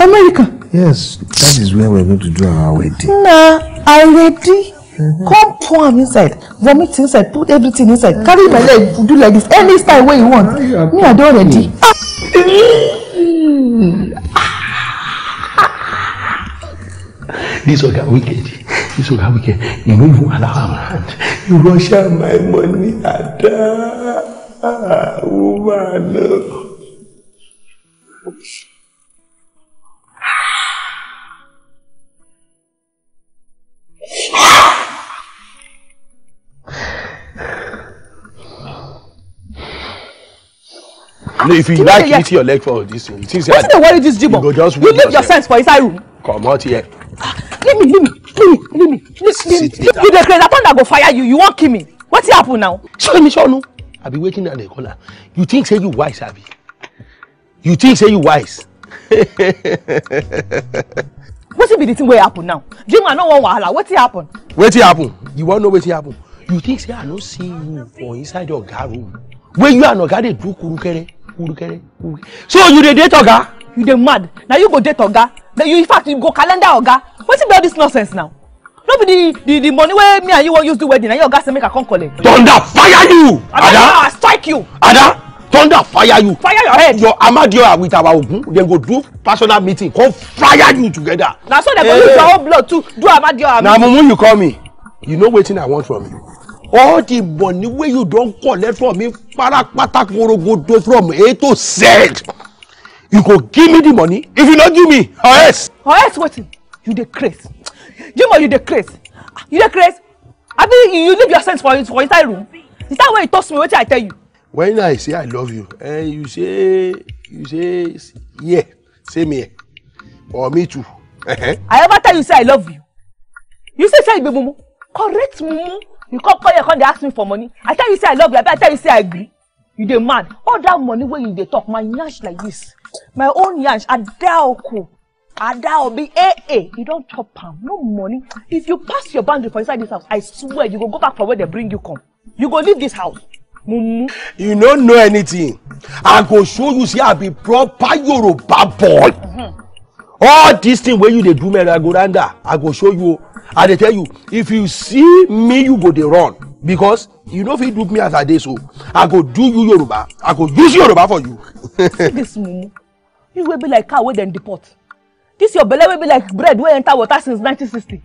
america. yes that is where we are going to do our wedding. na already. Mm-hmm. Come pour am inside, vomit inside, put everything inside, carry my leg, do like this any style wey you want. Me, I don ready. Ah. This ones are wicked. This ones are wicked. You don't even allow our hand. You rush out my money, Ada. Woman. no if you Did like eat your leg for this one. things like wetin dey worry this Jibo? you go just you leave your sense for inside room. Come out here. Ah, leave me leave me leave me leave me leave me you dey craze upon that go fire you you won't kill me wetin happen now. show me show no abi be waiting at the corner. you think say you wise Abby? you think say you wise. wetin be the thing wey happen now jimmy i no wan wahala wetin happen. wetin happen you won't know wetin happen you think say i no see you for inside your oga room wey you and oga dey do kere wurukere so you dey date oga. you dey mad na you go date oga na you in fact you go calendar oga wetin be all this nonsense now no be the the the money wey me and you wan use do wedding na your oga say make i come collect. thunder fire you. ada strike you. ada thunder fire you. fire your head. your amadiola with our ogun dem go do personal meeting come fire you together. na so dem go use eh. your own blood too do amadiola meeting. na mumu you call me you know wetin i want from you all the money wey you don collect from me parapata korogodo from A to Z you go give me the money if you no give me or else. or else wetin you dey craze jimoh you dey craze you dey craze abi you leave your sense for for inside room is that why you talk to me wetin i tell you. when i say i love you eh you say you say yeah same here, or me too. Uh -huh. i ever tell you say i love you you say say igbe mumu correct mumu you come call your come they ask me for money i tell you say i love you abi i tell you say i agree. you the man. all that money wey you dey talk my yansh like this my own yansh adaoko adaobi aa eh, eh, you don't chop am no money if you pass your boundary for inside this house i swear you go go back for where they bring you come you go leave this house mumu. you don't know anything i go show you See, i be proper yoruba boy. Mm -hmm all this thing wey you dey do man i go randa i go show you i dey tell you if you see me you go dey run because you no fit do me as i dey so i go do you yoruba i go use yoruba for you. see dis mumu you wey be like cow wey dem deport dis your belle wey be like bread wey enter water since 1960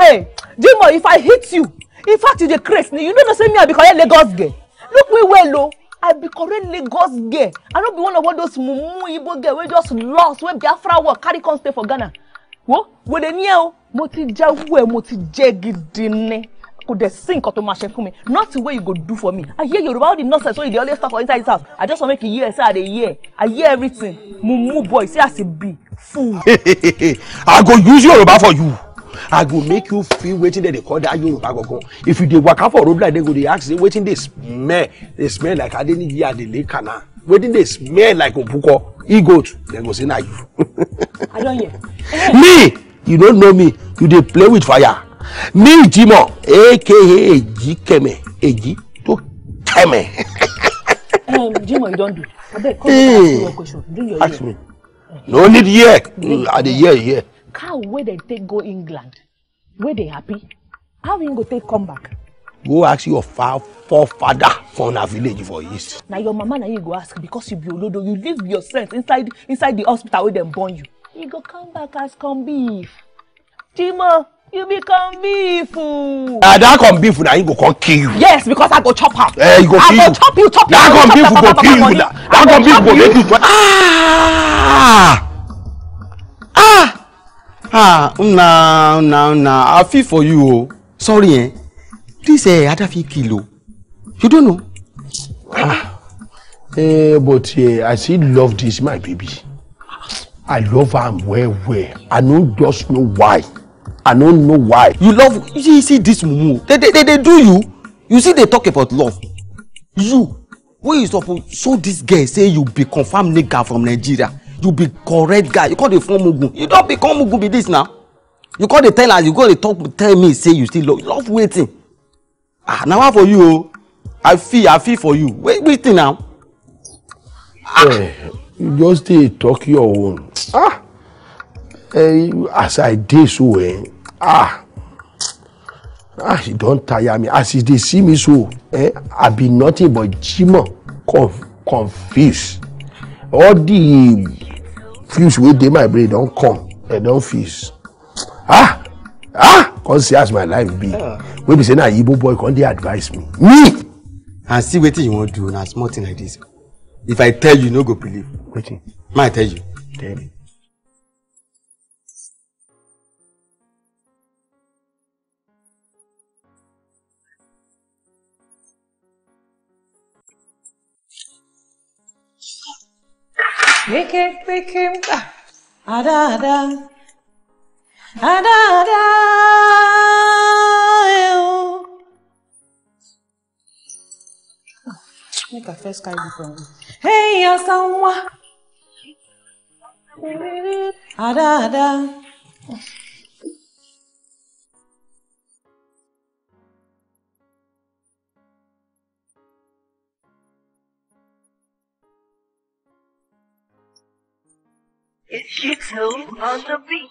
hey jimoh if i hit you in fact you dey craze me you no know say me i be correct lagos girl look me well o oh i be correct lagos girl i no be one of all those mumu igbo girl wey just lost wey biafra war carry come stay for ghana wo wèrè ní ẹ o mo ti jẹ wú ẹ mo ti jẹ gidi ni kò dẹ̀ sí nǹkan tó máa ṣe fún mi nothing wey you go do for me i hear yoruba all the nonsense wey you dey always talk for inside this house i just wan make you hear say i dey hear i hear everything mumu boy say i say be fool. i go use yoruba for you i go make you feel wetin dem dey call that yoruba gangan if you dey waka for road like dem go dey ask say wetin dey smell dey smell like adeniji adele kana wetin dey smell like opuko egoat dem go say na you. i don hear. me you no know me you dey play with fire me jimo aka eji keme eji to keme. Um, jimo you don do abeg come back to your question do your ear. ask me no need hear eh. i dey hear hear cow wey dem take go england wey dey happy how im go take come back. go ask your fa forefather for una village for east. na your mama na you go ask because you be olodo you leave your sense inside inside the hospital wey dem born you. you go come back as corn beef. jimoh you be corn beef ooo. na that corn beef na him go come kill you. yes because i go chop am. eh you go kill you. i go chop you chop you. that corn beef go kill you na that corn beef go make you. ah ah ah una una una i feel for you o oh. sorry eh this eh adafi kilo you don't know. ah eh but eh, i still love this my baby i love am well well i no just know why i no know why. you love you see this mumu they they they, they do you you see they talk about love you wey you suppose show this girl say you be confam nigga from nigeria you be correct guy you come dey form mugun you don become mugun be this na you come dey tell am you go dey talk tell me say you still love love wetin ah na one for you o i feel i feel for you wait wait till now. Ah. Yeah, you just dey talk your own ah eh, as i dey so eh, ah ah you don tire me as you dey see me so eh, i be nothing but jimoh confuse. all the fuse wey dey my brain don come dem don fish, ah ah come see as my life be ah. wey be say na igbo boy come dey advise me me. and see wetin you wan do na small thing like this if i tell you you no go believe wetin may i tell you. tell me. ah, wicked. ah, Arara. Ah, Eu. Meu café caiu do pão. Hey, ah, Arara. Arara. It gets home on the beat?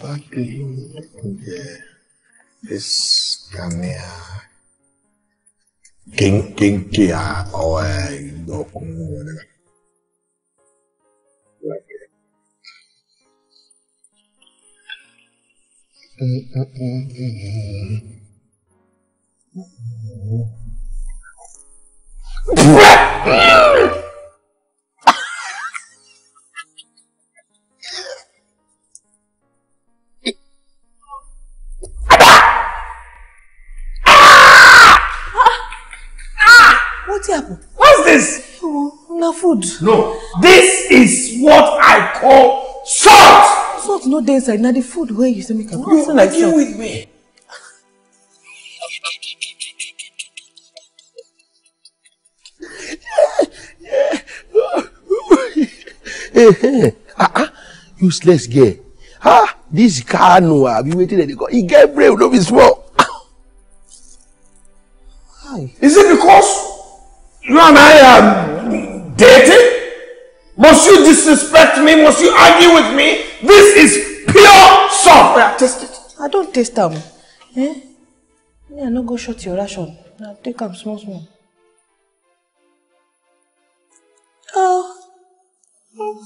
Badly yeah. ist King King Kia or uh, Dokum. Mm-mm-mm-mm. dàpọ̀. what's this. Oh, na food. no this is what i call salt. salt not dey inside na the food where you say me i like salt. you argue with me. hey, eh, hey. Eh, eh. Ah, ah. useless girl ah this kanu abi ah, wetin dem dey call e get brave, no be small. Why? Is it because You and I are dating? Must you disrespect me? Must you argue with me? This is pure soft. taste it. I don't taste them. Um, eh? Me, I no go short your ration. Na take am small small. Oh. Mm.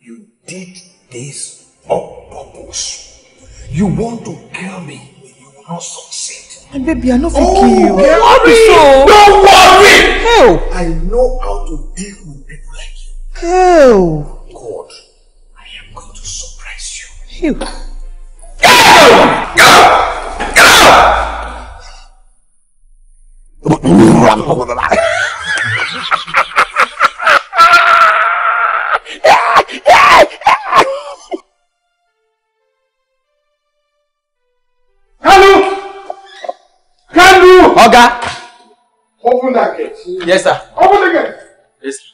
you did this on purpose. You want to kill me, you will not succeed. And baby, I'm not for oh, you. Don't worry. So. Don't worry. Hell. I know how to deal with people like you. Hell. God, I am going to surprise you. Hell. Go. Go. Get Get out! Ọ̀gá. Open that gate. Yes, sir. Open the gate. Yes, sir.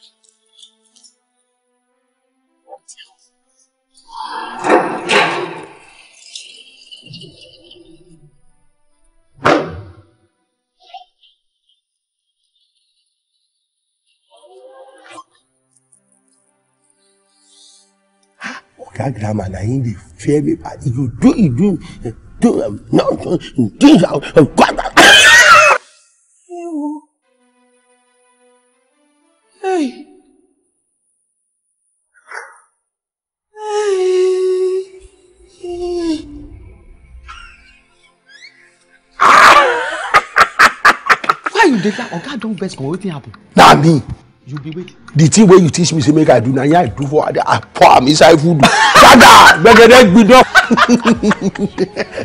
that grammar na him dey fear me you do you do do um, no do um, God first come wetin happen. na me. you be waiting. the thing wey you teach me say make i do na here i do for i pour am inside food. sada gbẹgẹdẹ gbidan.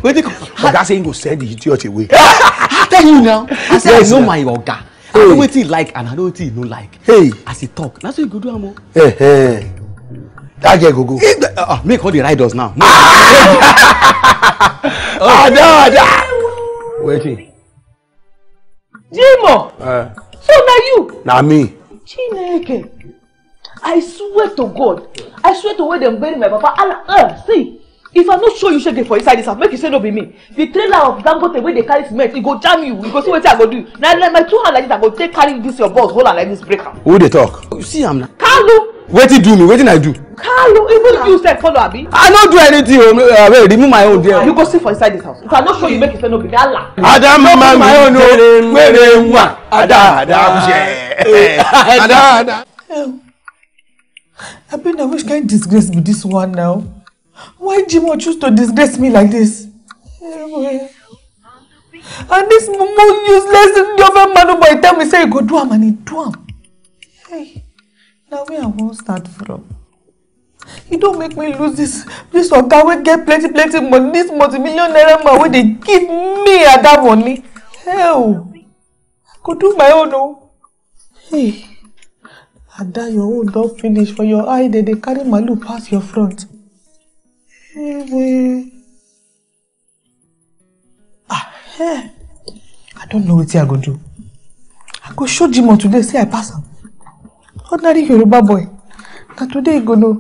wetin come. oga say he go send the idiot away. i tell you now. i say yes, i know my oga. Hey. i know wetin he like and i know wetin he no like. Hey. as he talk na so he go do am o. Hey, hey. that girl go go. Uh, uh, make all the riders now. No. oh. ada ada. wetin. jimoh. Uh. So now you. now me. Chineke. I swear to God. I swear to where dem bury my papa. Allah, uh, see. If I'm not sure, you shege for inside this house, make you say no be me. The trailer of Dangote wey they carry cement, e go jam you. You go see what I go do. Now my two hands like this, I go take carry this your boss. hold on like this, break up. Who they talk? You see I'm. na. Kalu wetin do me wetin i do. kalu even you sef follow abi. i no do anything o uh, eh, wait remove my own there. you go sit for inside this house if i no show you make you say no be me ala. adama mi tere nwere nwa adada je adada. abi na which kind disgrace be this one now why jimoh choose to disgrace me like this. Eh. and dis mumu useless government man boy tell me say he go do am and he do am. Hey. Now where i wan start from e don make me lose this this oga wey get plenty plenty money this multi-million naira man wey dey give me ada money hell i go do my own o oh. hey ada your own don finish for your eye dey dey carry malu pass your front anyway ah hey. i don't know wetin i go do i go show jimoh today say i pass am ordinary Yoruba boy na today go know.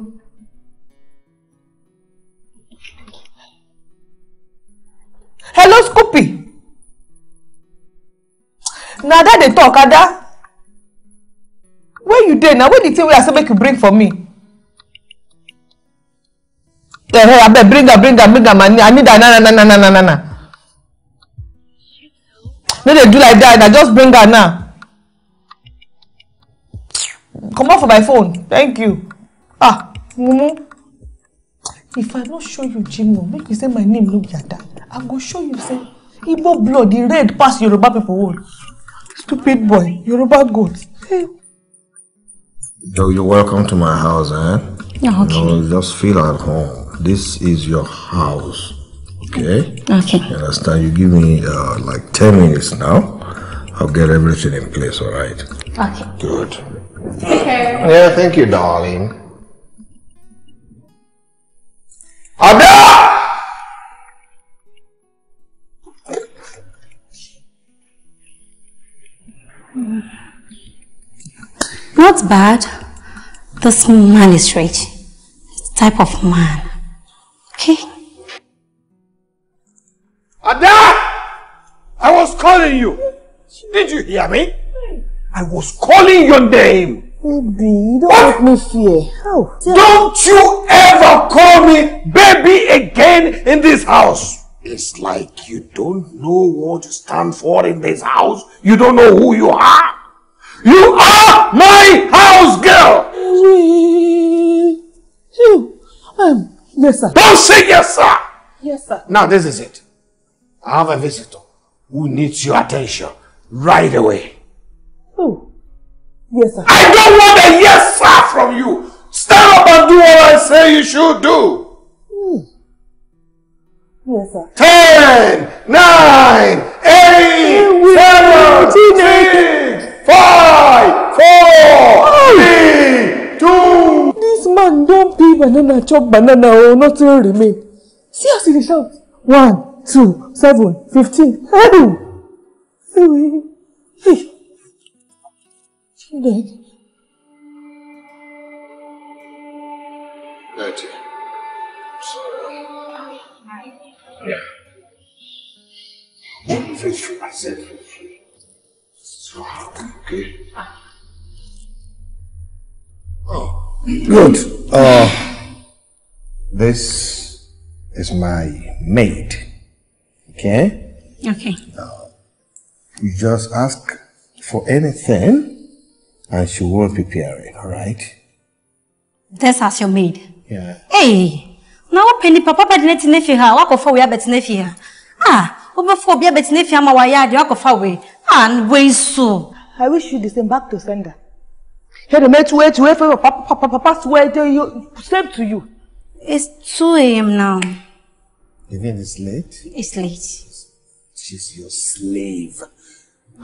hello scoopy Now that they talk ada where you there? Now, wey the thing wey i say make you bring for me hey, eh, eh, I abeg bring her, bring her, bring her. am i need am na na na na na na na no they do like that na just bring her now comot for my phone thank you ah mumu if i no show you jimoh make you say my name no be ada i go show you say igbo blood e red pass yoruba people own stupid boy yoruba goat. Hey. Yo, you're welcome to my house, eh? Yeah, okay. You know, just feel at home. This is your house, okay? Okay. You understand? You give me uh, like ten minutes now. I'll get everything in place, all right? Okay. Good. Take care. Yeah, thank you, darling. Ada, Not bad. This man is rich. type of man. Okay? Ada! I was calling you. Did you hear me? I was calling your name. Baby, you don't what? make me fear. How? don't you ever call me baby again in this house. It's like you don't know what you stand for in this house. You don't know who you are. You are my house girl. You, um, yes, sir. Don't say yes, sir. Yes, sir. Now, this is it. I have a visitor who needs your attention right away. Oh, yes, sir. I don't want a yes, sir, from you. Stand up and do what I say you should do. Mm. Yes, sir. Ten, nine, eight, seven, six, five, four, three, two. This man don't peel banana, chop banana, or oh, nothing remain. See how he shout. One, two, seven, fifteen. Hey! Hey! Nick. Night, Sorry. Yeah. i said So how okay? Oh. Good. Uh, this is my maid. Okay? Okay. Uh, you just ask for anything And she won't prepare it, all right? That's as your maid. Yeah. Hey, now what penny papa bed net ne fi ha, wako we abet ne fi Ah, what fo we abet ne fi ama wa ya de wako fa we. And ah, we so. I wish you the same back to sender. Here the mate wait wait for papa papa papa swear to you same to you. It's 2 a.m. now. You think it's late? It's late. She's your slave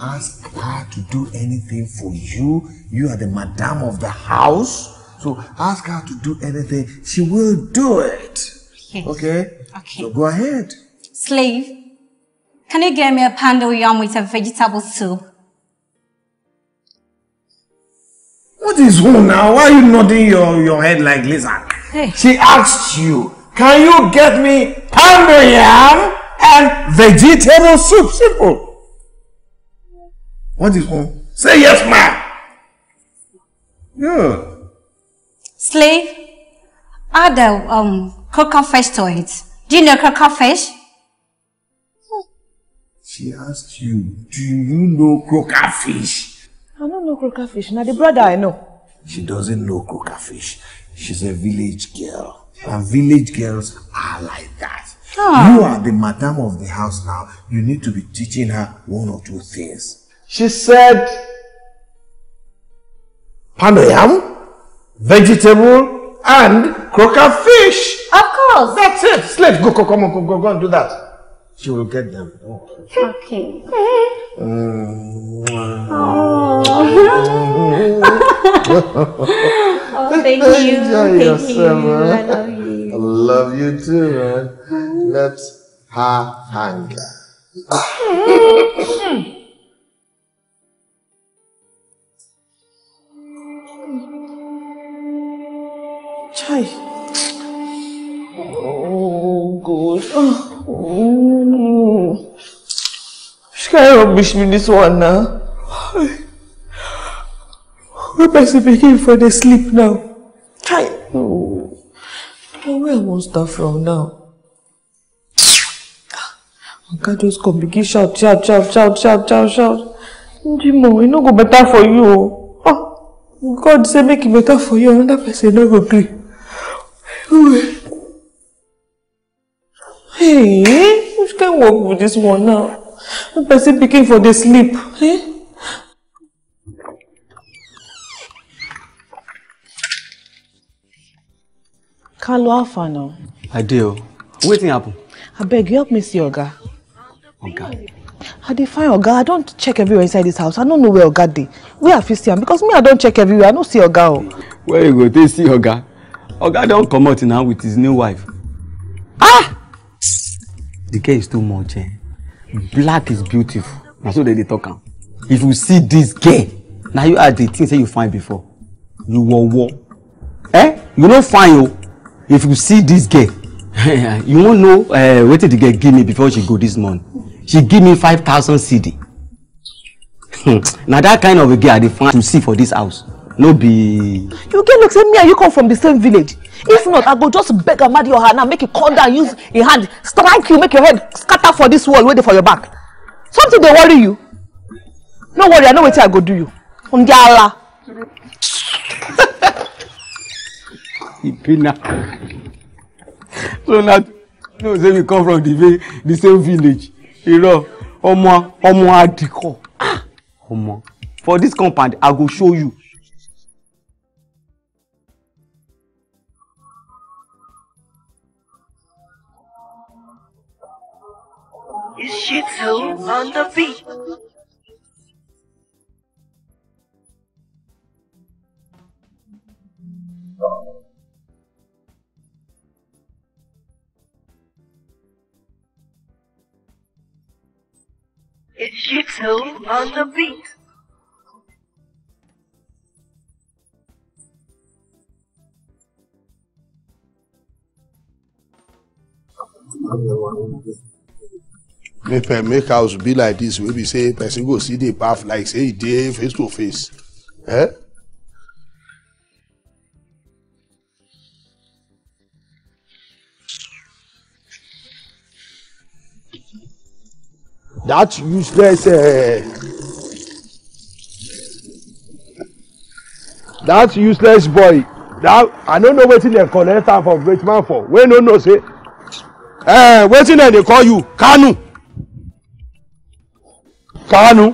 ask her to do anything for you. You are the madam of the house. So ask her to do anything. She will do it. Yes. Okay? Okay. So go ahead. Slave, can you get me a panda yam with a vegetable soup? What is who now? Why are you nodding your, your head like lizard? Hey. She asked you, can you get me panda yam and vegetable soup? Simple. What is wrong? say yes ma. Yeah. Slave, add the um, croaker fish to it. Do you know croaker fish? She asked you, do you know croaker fish? I don't know croaker fish. Now the brother I know. She doesn't know croaker fish. She's a village girl. And village girls are like that. Oh. You are the madam of the house now. You need to be teaching her one or two things. She said, Panayam, vegetable, and croaker fish. Of course. That's it. Slave, go, go, come on, go, go, go and do that. She will get them. Okay. Mm. Oh. oh, thank you. Enjoy thank yourself, you. I love you. I love you too, man. Let's have hunger. Chai. Oh, God. Oh. She can't rubbish me this one now. We best begin for the sleep now. Chai. No. Oh, where I want start from now? Nkan just come begin shout, shout, shout, shout, shout, shout, shout. Ndimo, e no go better for you. Oh, God say make it better for you, another person no go gree. Hey, which can work with this one now? The person picking for the sleep. Eh? Carlo Alpha now. I do. Wetin I beg you help me see Oga. Oga. How dey find Oga. I don't check everywhere inside this house. I don't know where Oga is. Where are you see him? because me I don't check everywhere. I don't see Oga o. Where you go take see Oga? oga don comot now with his new wife ah the girl is too much eh black is beautiful na so they dey talk am if you see this girl na you as the thing say you fine before you wowo eh you no fine o oh. if you see this girl you wan know uh, wetin the girl give me before she go this morning she give me five thousand CD. na that kind of a girl i dey find to see for this house no be you get look say me and you come from the same village if not i go just beg amadi your hand and make you come down use e hand strike you make your head scatter for this wall wey for your back something they worry you no worry i know wetin i go do you njala. ibina so na no say we come from the, the same village you irọ́ Omo, ọmọ adìkọ Omo. Ah. for this compound i go show you is Shih Tzu on the beat. It's Shih Tzu on the beat. I'm the one who just make per make house be like this. wey be say person go see the bath like say e dey face to face eh? that useless uh, that useless boy that i no know wetin dem connect am for great man for wey no know say eh, wetin dem dey call you kanu kánú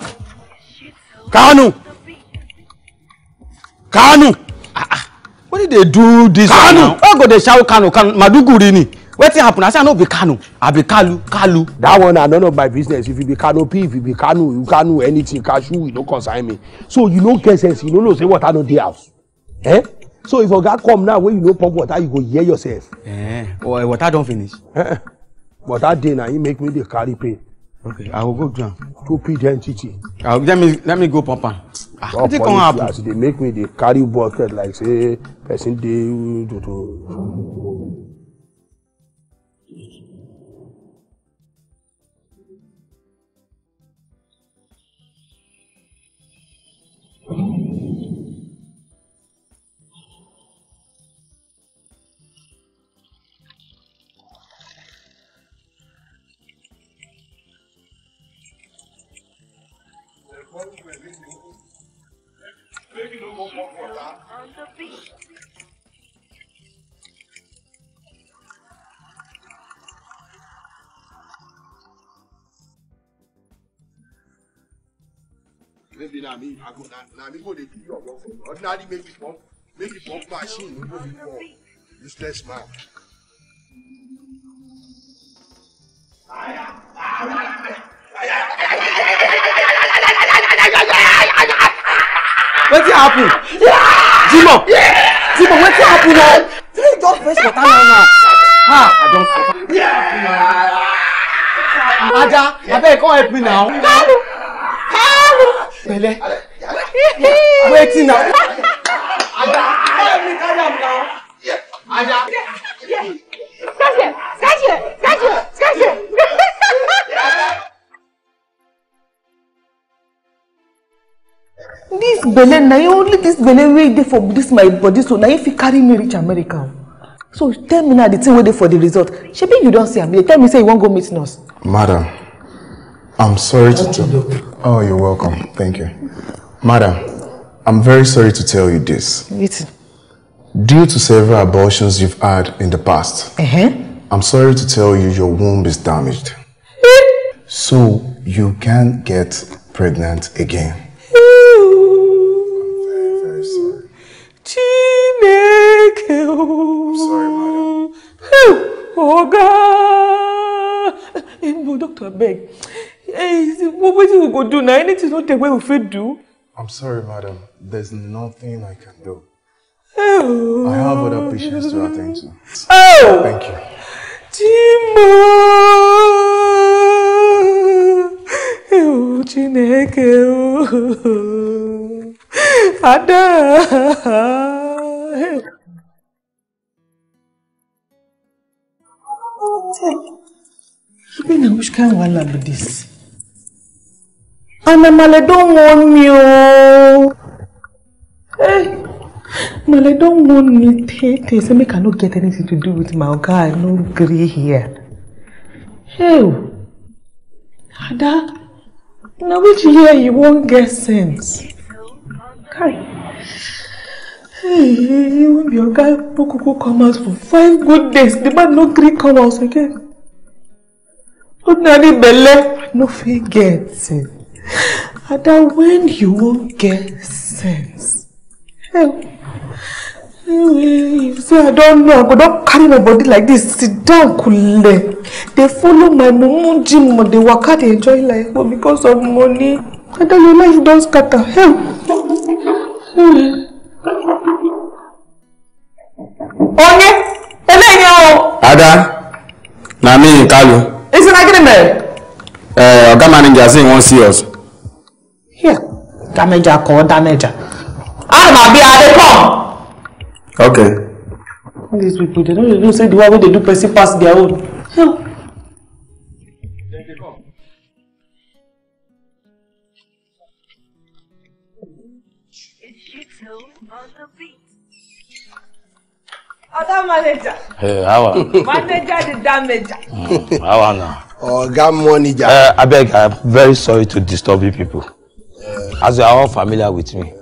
kánú kánú. what did they do this one now. kánú why go dey shout kánú kánú maduguri ni wetin happen i say i no be kanu i be kalu kalu. that one na none of my business if you be canopy if you be kanu you kanu anything cashew you no concern me so you no get sense you no know say water no dey house eh so if oga come now wey you no pump water you go hear yourself. eh oh, water don finish. Eh, eh. water dey na im e make me dey carry pain Okay, I will go down. Stupid entity. Uh, let me let me go pump am. Ah, what come happen? As they make me, they carry bucket like say person dey uh, to to. first day na me i go na na me go dey do your work for you ordinary make you machine no go be for useless man. wetin happen? jimo jimo wetin happen o? three don first water now now. ah i don suffer. aja abeg come help me now pẹ̀lẹ́ wetin na. ada help me carry am now. ada. dis belle na only dis belle wey dey for dis my body so na you fit carry me reach america so tell me now the thing wey dey for the result shebi you don see am you tell me say you wan go meet nurse. madam I'm sorry to tell you. Oh, you're welcome. Thank you. Madam, I'm very sorry to tell you this. Due to several abortions you've had in the past, uh -huh. I'm sorry to tell you your womb is damaged. so you can't get pregnant again. I'm very, very sorry. I'm sorry, madam. Oh, God. Doctor, beg. Hey, go do now? Anything no dey wey we fit do? I'm sorry, madam. There's nothing I can do. Oh. I have other patients to attend to. Oh. Thank you. Chimo. Ewu Chineke o. Ada. Tell me now which kind wahala be this? don't want you. Hey. Eh, Male don't want me tete. Say make I no get anything to do with my oga. I no gree here. Hey. Ada. Now which year you won't get sense? Kai. Hey, eh, even your guy Pokuku come out for five good days. The man no gree come out again. Ordinary belle, no fair get sense and that when you won't get sense, Hey, if say I don't know, I'm go don carry my body like this, sit down kule. They follow my mumu gym, they work hard. they enjoy life, but because of money, and then your life don scatter. Hell. hell. Onye, eléyìí o. Ada, na mi me Kalu. Is it like it, man? Uh, Oga manager say he wan see us. Damager ka ọ damager. Ana m abịa adị come. Okay. these people they don't dey say the way they do person pass their own. Hell. Other manager. Hey, how are Manager the damager. Mm, how are now? Oga manager. Uh, abeg, I'm very sorry to disturb you people. As you are all familiar with me,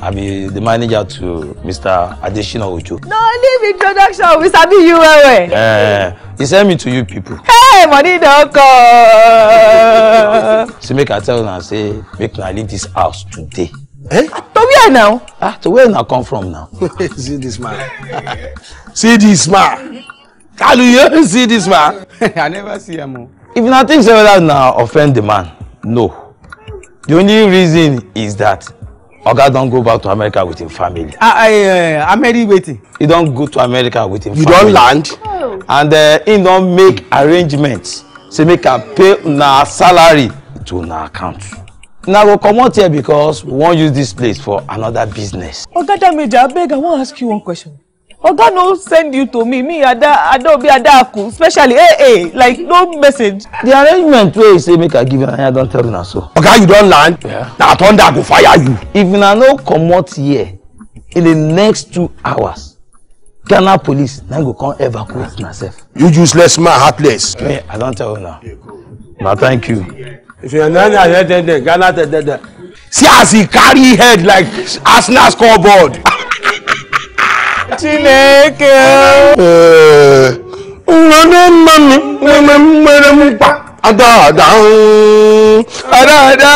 I be the manager to Mr. Adesina Ojo. No, leave introduction. We sabi you well well. Eh, he send me to you people. Hey, money don come. so make I tell una say make una leave this house today. Eh? To where now? Ah, to where una come from now? See this man. See this man. Kalu, you see this man? I never see him. Oh. If una think say whether una offend the man, no the only reason is that oga don go back to america with him family ah uh, ah, eh, eh, america wetin he don go to america with him you family you don land oh. and uh, he don make arrangements say make am pay una salary to una account una go comot here because we wan use this place for another business. oga damaja abeg i wan ask you one question oga no send you to me me ada adaobi adaaku especially hey eh, eh, hey. like no message. the arrangement wey you say make i give you i don tell una so. oga you don land na thunder go fire you. if una no comot here in the next two hours ghana police na go come evacuate una sef. you useless man heartless. me i don tell una na thank you. if you no know your ten dem ghana ten dem. see as he carry head like arsenal scoreboard. chineke ụlọ eh, mma m nwere mmere mkpa ada ada hmm. ada ada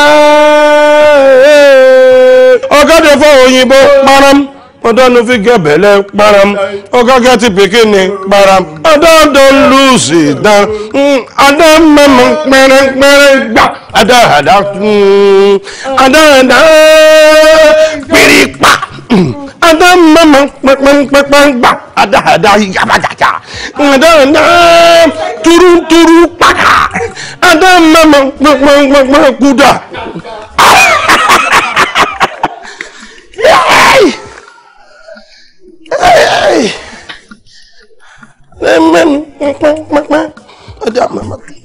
eh. ọgọdọ fọ òyìnbó kparam ọdọọdún fi gẹbẹlẹ kparam ọgọgẹ ti pikini kparam ọdọọdún lùsì dán ada mmẹmọ kpẹrẹ kpẹrẹ gbà ada ada hmm. ada ada ada mama pẹpẹpẹpẹgbà adahada yabajaja adahada turuturu paka ada na Ada mama pẹpẹpẹpẹkuda. Amen. Ada mama.